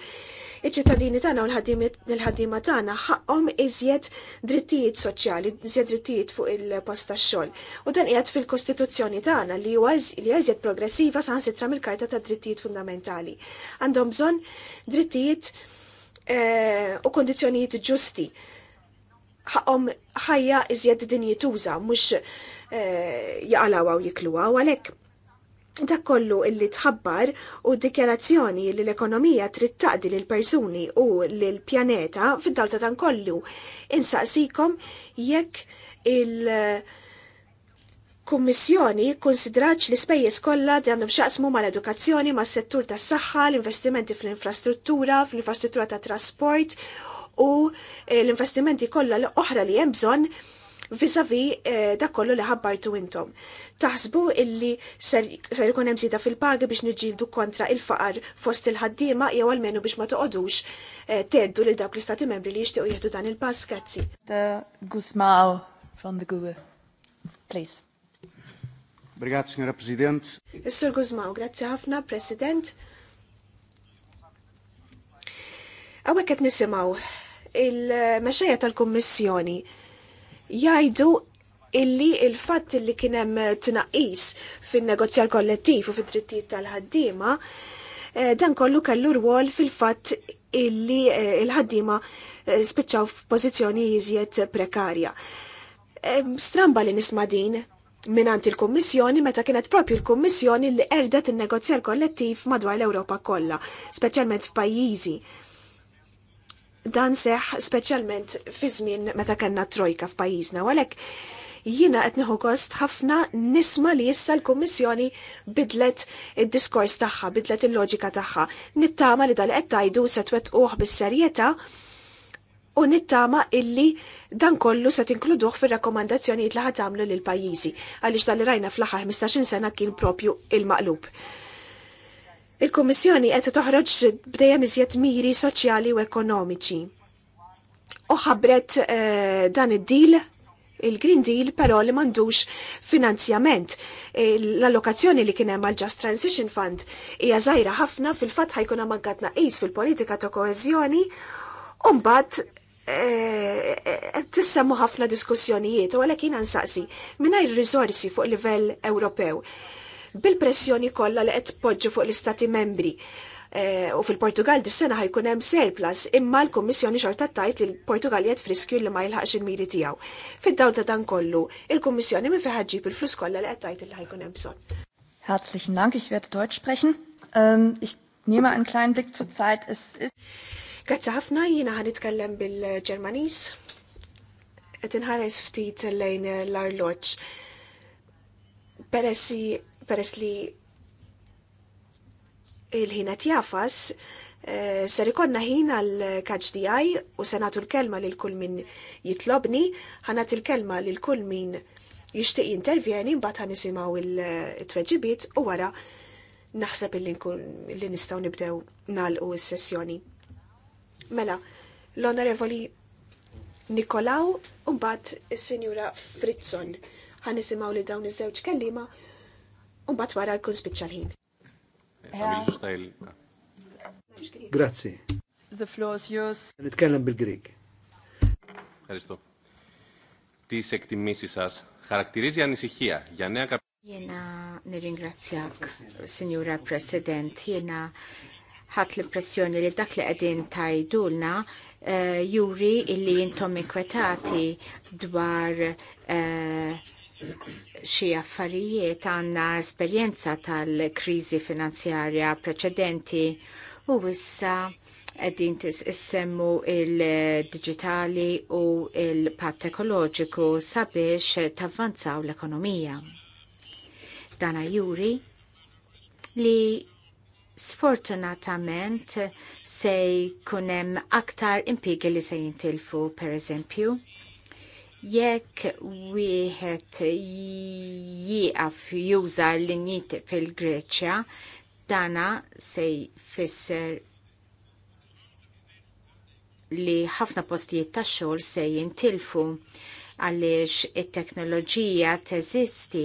iċ-ċittadini tagħna u l-ħaddiema tagħna ħaqhom iżjed drittijiet soċjali, iżjed drittijiet fuq il-post tax-xogħol. U dan qiegħed fil-Kostituzzjoni tagħna li huwa li iżjed progressiva saħansitra mill-Karta ta' Drittijiet Fundamentali. Għandhom bżonn drittijiet e, u kondizzjonijiet ġusti ħaqhom ħajja iżjed din jituża mhux e, jaqalaw jikluha jikluwa għalhekk Dak kollu illi tħabbar u dikjarazzjoni li l-ekonomija trid taqdi lil persuni u lil pjaneta fid-dawl ta' dan kollu. Insaqsikom jekk il-Kummissjoni konsidraċ li spejjeż kollha li għandhom xaqsmu mal-edukazzjoni, mas-settur tas-saħħa, l-investimenti fl-infrastruttura, fl-infrastruttura ta' trasport u eh, l-investimenti kollha l-oħra li hemm bżonn vis-a-vis eh, dak kollu li ħabbartu intom. Taħsbu illi ser ikun hemm sida fil-pagi biex niġġieldu kontra il-faqar fost il-ħaddiema jew almenu biex ma toqgħodux eh, teddu lil dawk l-istati membri li jixtiequ jieħdu dan il-pass Grazzi. Gusmao from the Google. Please. Obrigado, Sra. Presidente. Sr. Guzmau, grazie ħafna, President. Għawek qed nisimgħu il-mexejja tal-Kummissjoni jgħidu illi il-fatt li kienem tnaqis fin-negozjar kollettiv u fid-drittijiet tal-ħaddiema eh, dan kollu kellu rwol fil-fatt illi eh, il-ħaddiema eh, spiċċaw f'pożizzjoni iżjed prekarja. Stramba li nisma' din minant il-Kommissjoni meta kienet propju il-Kommissjoni li erdet il negozjal kollettiv madwar l-Ewropa kollha, speċjalment f'pajjiżi. Dan seħ speċjalment fi żmien meta kellna trojka f'pajjiżna, u għalhekk Jina qed nieħu gost ħafna nisma li issa l-Kummissjoni bidlet id-diskors tagħha, bidlet il-loġika tagħha. Nittama li dal qed tgħidu se twettquh bis-serjetà u nittama illi dan kollu se tinkluduh fir-rakkomandazzjonijiet li ħatamlu lil pajjiżi għaliex tal rajna fl-aħħar 15 sena kien propju il-maqlub. Il-Kummissjoni qed toħroġ bdejjem iżjed miri soċjali u ekonomiċi u ħabret eh, dan id-dil il-Green Deal però li mandux finanzjament. E, l-allokazzjoni li kienem għal Just Transition Fund hija żgħira ħafna fil-fatt ħajkun mankatna naqis fil-politika ta' koeżjoni u mbagħad e, e, tissemmu ħafna diskussjonijiet u għalhekk jiena nsaqsi mingħajr rizorsi fuq livell Ewropew bil-pressjoni kollha li qed poġġu fuq l-Istati membri Eh, u fil-Portugal dis-sena ħajkun hemm surplus imma l-Kummissjoni xorta tajt li l-Portugal jed friskju li ma jilħaqx il-miri tiegħu. Fid-dawl ta' dan kollu, il-Kummissjoni minn fejn ħaġġib il-flus kollha li qed tajt li ħajkun hemm bżonn. Herzlichen Dank, ich werde Deutsch sprechen. Ähm, ich nehme einen kleinen Blick zur Zeit. Es ist Grazzi ħafna jiena ħan itkellem bil-Ġermaniż. Qed inħares ftit lejn l arloċ Peressi peress li il-ħinet jafas e, ser ikonna ħin għal kaġ u senatu l-kelma lil kull min jitlobni, ħanat il-kelma lil kull min jishtiq jintervjeni mbagħad nisimaw il-tweġibiet u wara naħseb li nistgħu nibdew nagħlqu s-sessjoni. Mela, l-Onorevoli Nikolaw u mbagħad is-Sinjura Fritzon nisimaw li dawn iż-żewġ kellima u mbagħad wara jkun spiċċa ħin Grazzi. The floor is yours. Nitkellem bil-Greek. Ευχαριστώ. Τι εκτιμήσει σα χαρακτηρίζει ανησυχία για νέα καπιταλιστικά. Jena nirringrazzjak, Signora President, jena ħat l-impressjoni li dak li għedin tajdulna eh, juri illi jintom ikwetati dwar uh, xi affarijiet għandna esperjenza tal-kriżi finanzjarja preċedenti u issa qegħdin issemmu il-digitali u il-patt ekoloġiku sabiex tavvanzaw l-ekonomija. Dana juri li sfortunatament se jkun hemm aktar impjiegi li se jintilfu pereżempju Jekk wieħed jieqaf juża l-linjit fil-Greċja, dana se jfisser li ħafna postijiet tax xogħol se jintilfu għaliex it-teknoloġija teżisti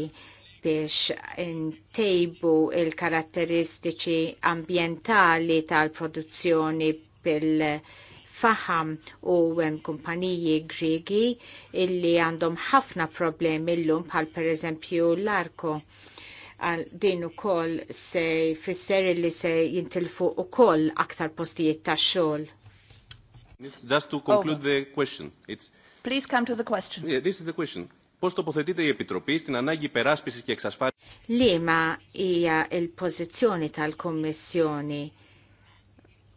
biex intejbu il-karatteristiċi ambjentali tal-produzzjoni bil- faham u hemm kumpaniji Griegi illi għandhom ħafna problemi llum bħal eżempju l-arko għal din u ukoll se fisser illi se jintilfu u ukoll aktar postijiet ta' xol. Just to conclude Over. the question. It's... Please come to the question. Yeah, this is the question. Πώς τοποθετείται η Επιτροπή στην ανάγκη περάσπισης και εξασφάλισης. Λίμα η il-pożizzjoni tal-Kommissjoni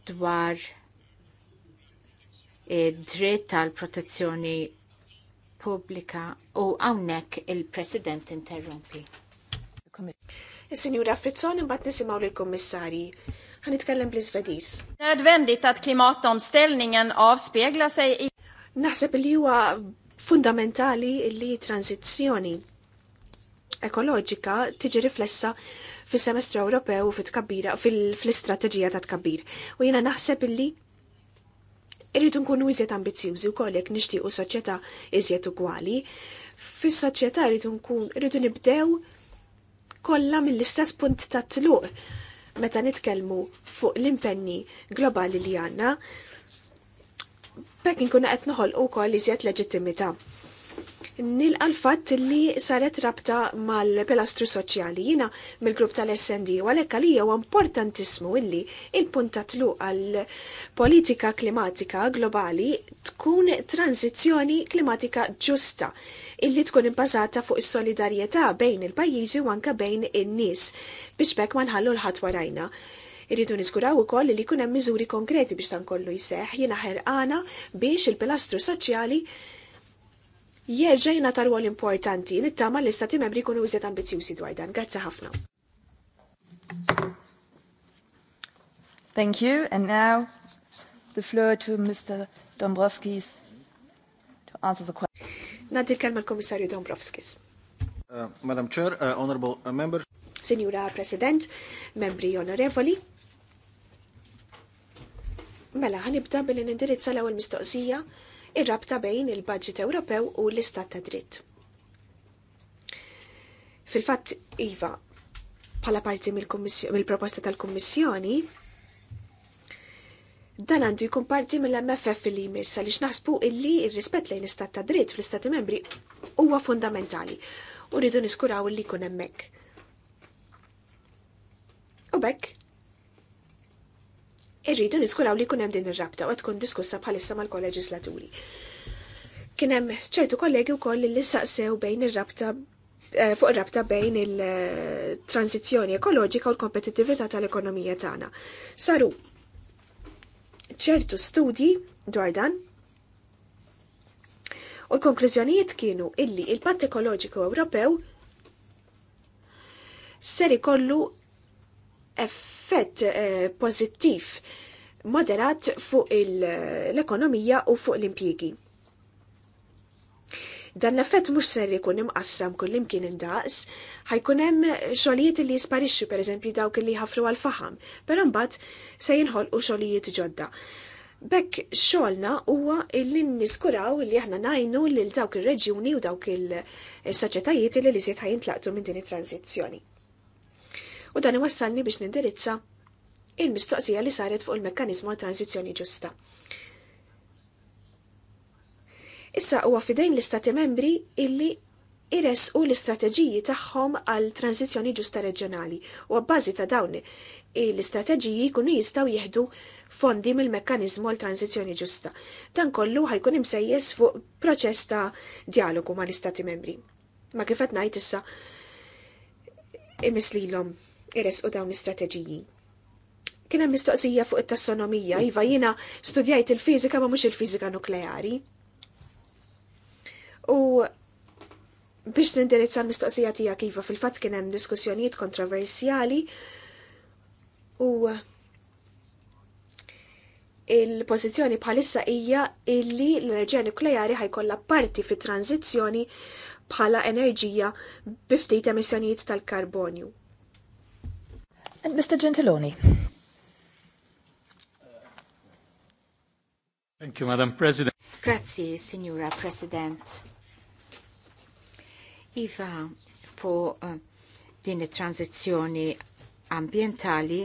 dwar dritt tal-protezzjoni pubblika u hawnhekk il-President interrompi. Is-Sinjura Frizzon imbagħad nisimgħu lill-Kummissarji. Ħanitkellem bl-Iżvediż. klimatom stelningen av avspeglar sej i Naħseb li huwa fundamentali li tranzizzjoni ekoloġika tiġi riflessa fis-semestru Ewropew u fil-istrateġija ta' tkabbir. U jiena naħseb illi Irridu nkunu iżjed ambizjużi u kollek nixtiequ soċjetà iżjed ugwali. Fis-soċjetà irridu nkun irridu nibdew kollha mill-istess punt ta' tluq meta nitkellmu fuq l-impenni globali li għandna. Pekk inkunu qed noħolqu wkoll iżjed leġittimità nilqa l-fatt li saret rabta mal-pilastru soċjali jina mill-grupp tal-SND u għalhekk għalija huwa importantissimu illi il-punta tluq għall-politika klimatika globali tkun tranzizzjoni klimatika ġusta illi tkun imbażata fuq is-solidarjetà bejn il-pajjiżi u anke bejn in-nies biex bekk ma nħallu l-ħadd warajna. Irridu niżguraw ukoll li jkun hemm miżuri konkreti biex tankollu jseħħ jiena ħerqana biex il-pilastru soċjali jerġajna tal-għol importanti nittama l-istati membri kunu użet ambizjusi dwar dan. Grazzi ħafna. Thank you, and now the floor to Mr. Dombrovskis to answer the question. Nadi kelma l-Komissarju Dombrovskis. Uh, Madam Chair, uh, Honorable uh, Member. Signora President, membri onorevoli. Mela, ħanibda billi nindirizza l-ewwel mistoqsija ir-rabta bejn il-budget Ewropew u l-istat ta' dritt. Fil-fatt, Iva, pala parti mill-proposta tal-Kommissjoni, dan għandu jkun parti mill-MFF li jmiss għaliex naħsbu illi il rispett lejn istat ta' dritt fl-istati membri huwa fundamentali u rridu niskuraw illi jkun hemmhekk. U bekk irridu niskuraw li kunem din ir-rabta u tkun diskussa bħalissa mal-kolleġislaturi. Kienem ċertu kollegi u koll li saqsew bejn ir-rabta eh, fuq rabta bejn il transizjoni ekoloġika u l kompetitività tal-ekonomija tagħna. Saru ċertu studji dwar dan u l-konklużjonijiet kienu illi il-patt ekoloġiku Ewropew ser ikollu effett eh, pozittif moderat fuq l-ekonomija u fuq l-impjigi. Dan l-effett mhux ser ikun imqassam kull imkien indaqs, ħajkun hemm xogħlijiet li jisparixxu pereżempju dawk li ħafru għal faħam, però mbagħad se jinħolqu xogħlijiet ġodda. Bekk xogħolna huwa illi niskuraw li aħna najnu lil dawk ir-reġjuni u dawk il-soċjetajiet li li ħajintlaqtu minn din it-tranzizzjoni u dan iwassalni biex nindirizza il-mistoqsija li saret fuq il-mekkanizmu għal tranzizjoni ġusta. Issa huwa fidejn l-istati membri illi u l-istrateġiji tagħhom għal tranzizjoni ġusta reġjonali u għabbażi ta' dawn l-istrateġiji jkunu jistgħu jieħdu fondi mill-mekkanizmu għal tranzizjoni ġusta. Dan kollu ħajkun imsejjes fuq proċess ta' dialogu mal istati membri. Ma kif qed ngħid issa imislilhom u dawn l-istrateġiji. Kien hemm mistoqsija fuq it-tassonomija, iva jiena studjajt il-fiżika ma mux il-fiżika nukleari. U biex nindirizza l-mistoqsija tiegħek iva fil-fatt kien hemm diskussjonijiet kontroversjali u il-pożizzjoni bħalissa hija illi l-enerġija nukleari ħajkollha parti fit-tranzizzjoni bħala enerġija biftit emissjonijiet tal-karbonju. And Mr. Gentiloni. Thank you, Madam President. Grazzi, Signora President. Iva, for uh, eh, din it-tranzizzjoni ambientali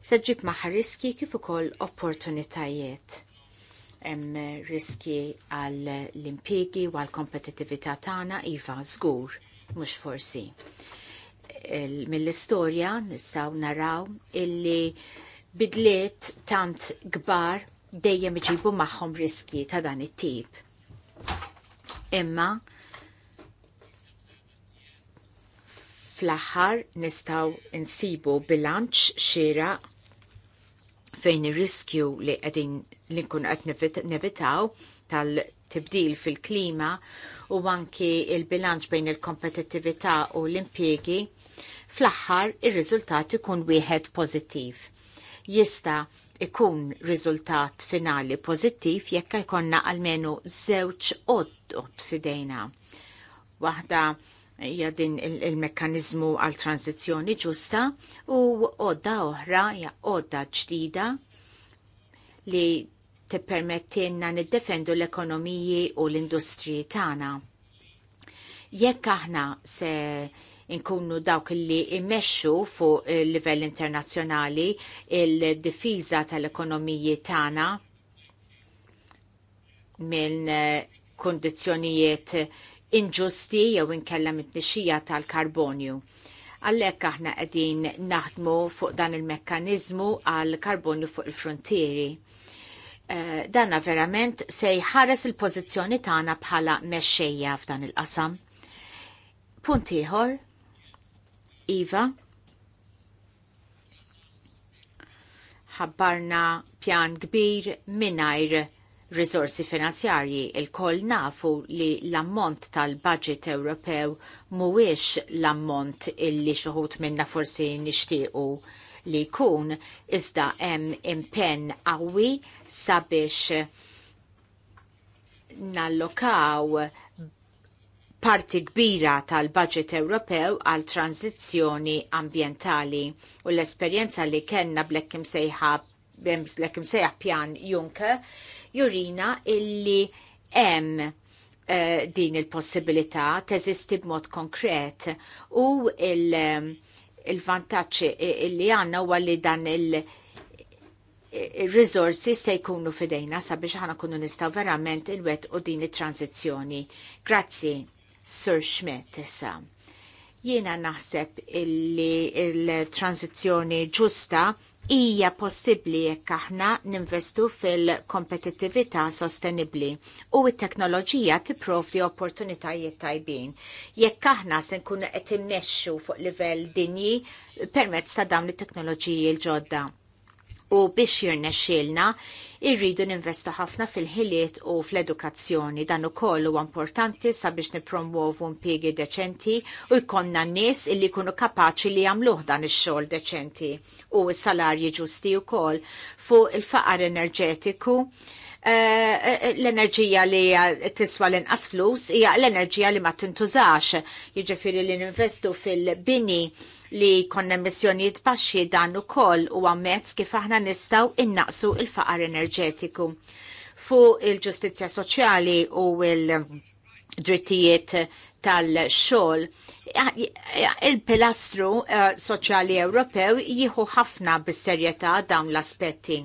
se ġib maħa riski kif ukoll opportunitajiet. Hemm eh, riski għall l-impjegi u għall kompetittività tagħna iva żgur, mhux forsi mill-istorja nistgħu naraw illi bidliet tant kbar dejjem iġibu magħhom riski ta' dan it-tip. Imma fl-aħħar nistgħu insibu bilanċ xira fejn ir-riskju li qegħdin li nkun qed nevitaw tal-tibdil fil-klima u anki il-bilanċ bejn il-kompetittività u l-impjegi fl-aħħar ir-riżultat ikun wieħed pożittiv. Jista' ikun riżultat finali pożittiv jekk jkollna almenu żewġ qodd fidejna. Waħda hija din il-mekkaniżmu il għal tranzizzjoni ġusta u qodda oħra hija qodda ġdida li tippermettilna niddefendu l-ekonomiji u l-industriji tagħna. Jekk aħna se inkunu dawk li immexxu fuq il-livell internazzjonali il-difiża tal-ekonomiji tagħna minn eh, kondizzjonijiet inġusti jew inkella it tnixxija tal-karbonju. Għallek aħna qegħdin naħdmu fuq dan il-mekkaniżmu għal karbonju fuq il-frontieri. Eh, danna verament se jħares il-pożizzjoni tagħna bħala mexxejja f'dan il-qasam. Punt ieħor, Iva, ħabbarna pjan kbir mingħajr risorsi finanzjarji. Il-koll nafu li l-ammont tal-budget Ewropew mhuwiex l-ammont illi xuħut minna forsi nixtiequ li jkun iżda hemm impenn qawwi sabiex nallokaw parti kbira tal-budget Ewropew għal tranzizzjoni ambientali u l-esperjenza li kellna blek blekkim sejħa pjan Juncker jurina illi hemm eh, din il-possibilità teżisti b'mod konkret u il-vantaġġ il eh, li għandna huwa li dan il- eh, il-rizorsi se jkunu fidejna sabiex ħana kunu nistaw verament il-wet u din it-tranzizjoni. Grazzi. Sir Schmidt issa. Jiena naħseb illi il-tranzizjoni ġusta hija possibbli jekk aħna ninvestu fil-kompetittività sostenibbli u t-teknoloġija tipprovdi opportunitajiet tajbin. Jekk aħna se nkunu qed immexxu fuq livell dinji permezz ta' dawn it-teknoloġiji l-ġodda u biex jirnexxilna irridu ninvestu ħafna fil-ħiliet u fl-edukazzjoni dan ukoll huwa importanti sabiex nippromwovu impjiegi deċenti u jkollna nies illi jkunu kapaċi li jagħmluh dan ix-xogħol deċenti u s-salarji ġusti wkoll fuq il-faqar enerġetiku. Uh, l-enerġija li tiswa l-inqas flus hija l-enerġija li ma tintużax, jiġifieri li ninvestu fil-bini li konna missjonijiet baxxi dan ukoll huwa mezz kif aħna nistgħu innaqsu il-faqar enerġetiku. Fuq il-ġustizzja soċjali u il-drittijiet tal-xogħol il-pilastru eh, soċjali Ewropew jieħu ħafna bis-serjetà dawn l-aspetti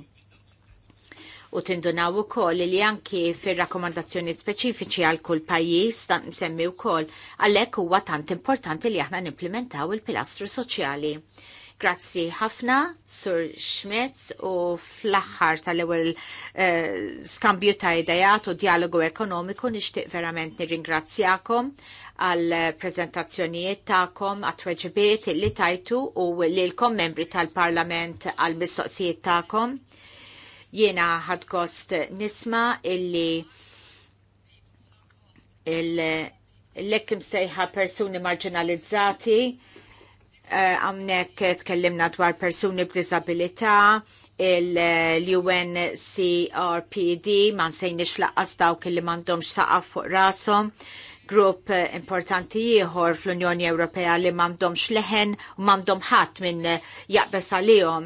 u tindunaw ukoll li anki fir-rakkomandazzjoni speċifiċi għal kull pajjiż tant u wkoll għalhekk huwa tant importanti li aħna nimplementaw il-pilastru soċjali. Grazzi ħafna, Sur Schmitz, u fl-axħar tal-ewel eh, skambju ta' idejat u dialogu ekonomiku nixtieq verament nirringrazzjakom għal prezentazzjonijiet ta'kom, għat-tweġibiet li tajtu u li l-kom membri tal-Parlament għal mistoqsijiet ta'kom. Jiena ħad kost nisma illi l-lekkim sejħa persuni marginalizzati, eh, għamnek tkellimna dwar persuni b'disabilità, il-UNCRPD, ma nsejnix laqqas dawk li mandomx saqaf fuq rasom, grupp importanti ieħor fl-Unjoni Ewropea li m'għandhomx leħen u m'għandhom ħadd minn jaqbes għalihom.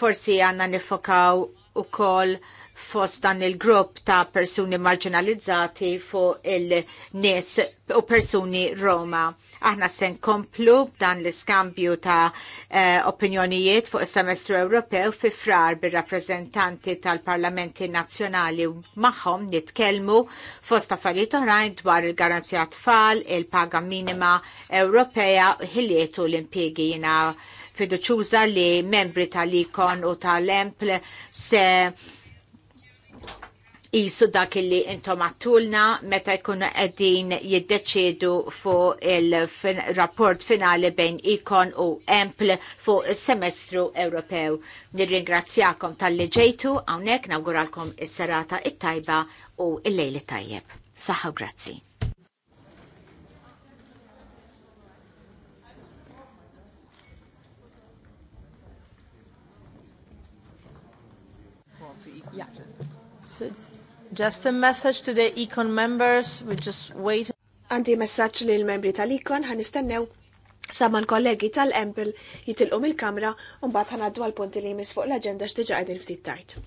Forsi għandna nifokaw u kol fost dan il-grupp ta' persuni marginalizzati fuq il-nis u persuni Roma. Aħna sen komplu dan l-iskambju ta' eh, opinjonijiet fuq il-semestru Ewropew fi frar bir rappresentanti tal-parlamenti nazjonali maħom nitkelmu fost affarijiet oħrajn dwar il-garanzija tfal, il-paga minima Ewropea, ħiliet u l-impiegi jina fiduċuża li membri tal-ikon u tal-empl se jisu dak li intom għattulna meta jkunu għedin jiddeċedu fuq il-rapport finali bejn ikon u empl fuq il-semestru Ewropew. Nirringrazzjakom tal leġejtu ġejtu, għawnek nawguralkom il-serata it-tajba u il-lejli tajjeb. Saħħa grazzi. just a message to the Econ members, we just wait. Għandi messaċ li l-membri tal-Econ ħanistennew saman kollegi tal-Empel jitilqu mill-kamra un bat ħanaddu għal-punti li jmiss fuq l-agenda x'diġa qegħdin ftit tajt.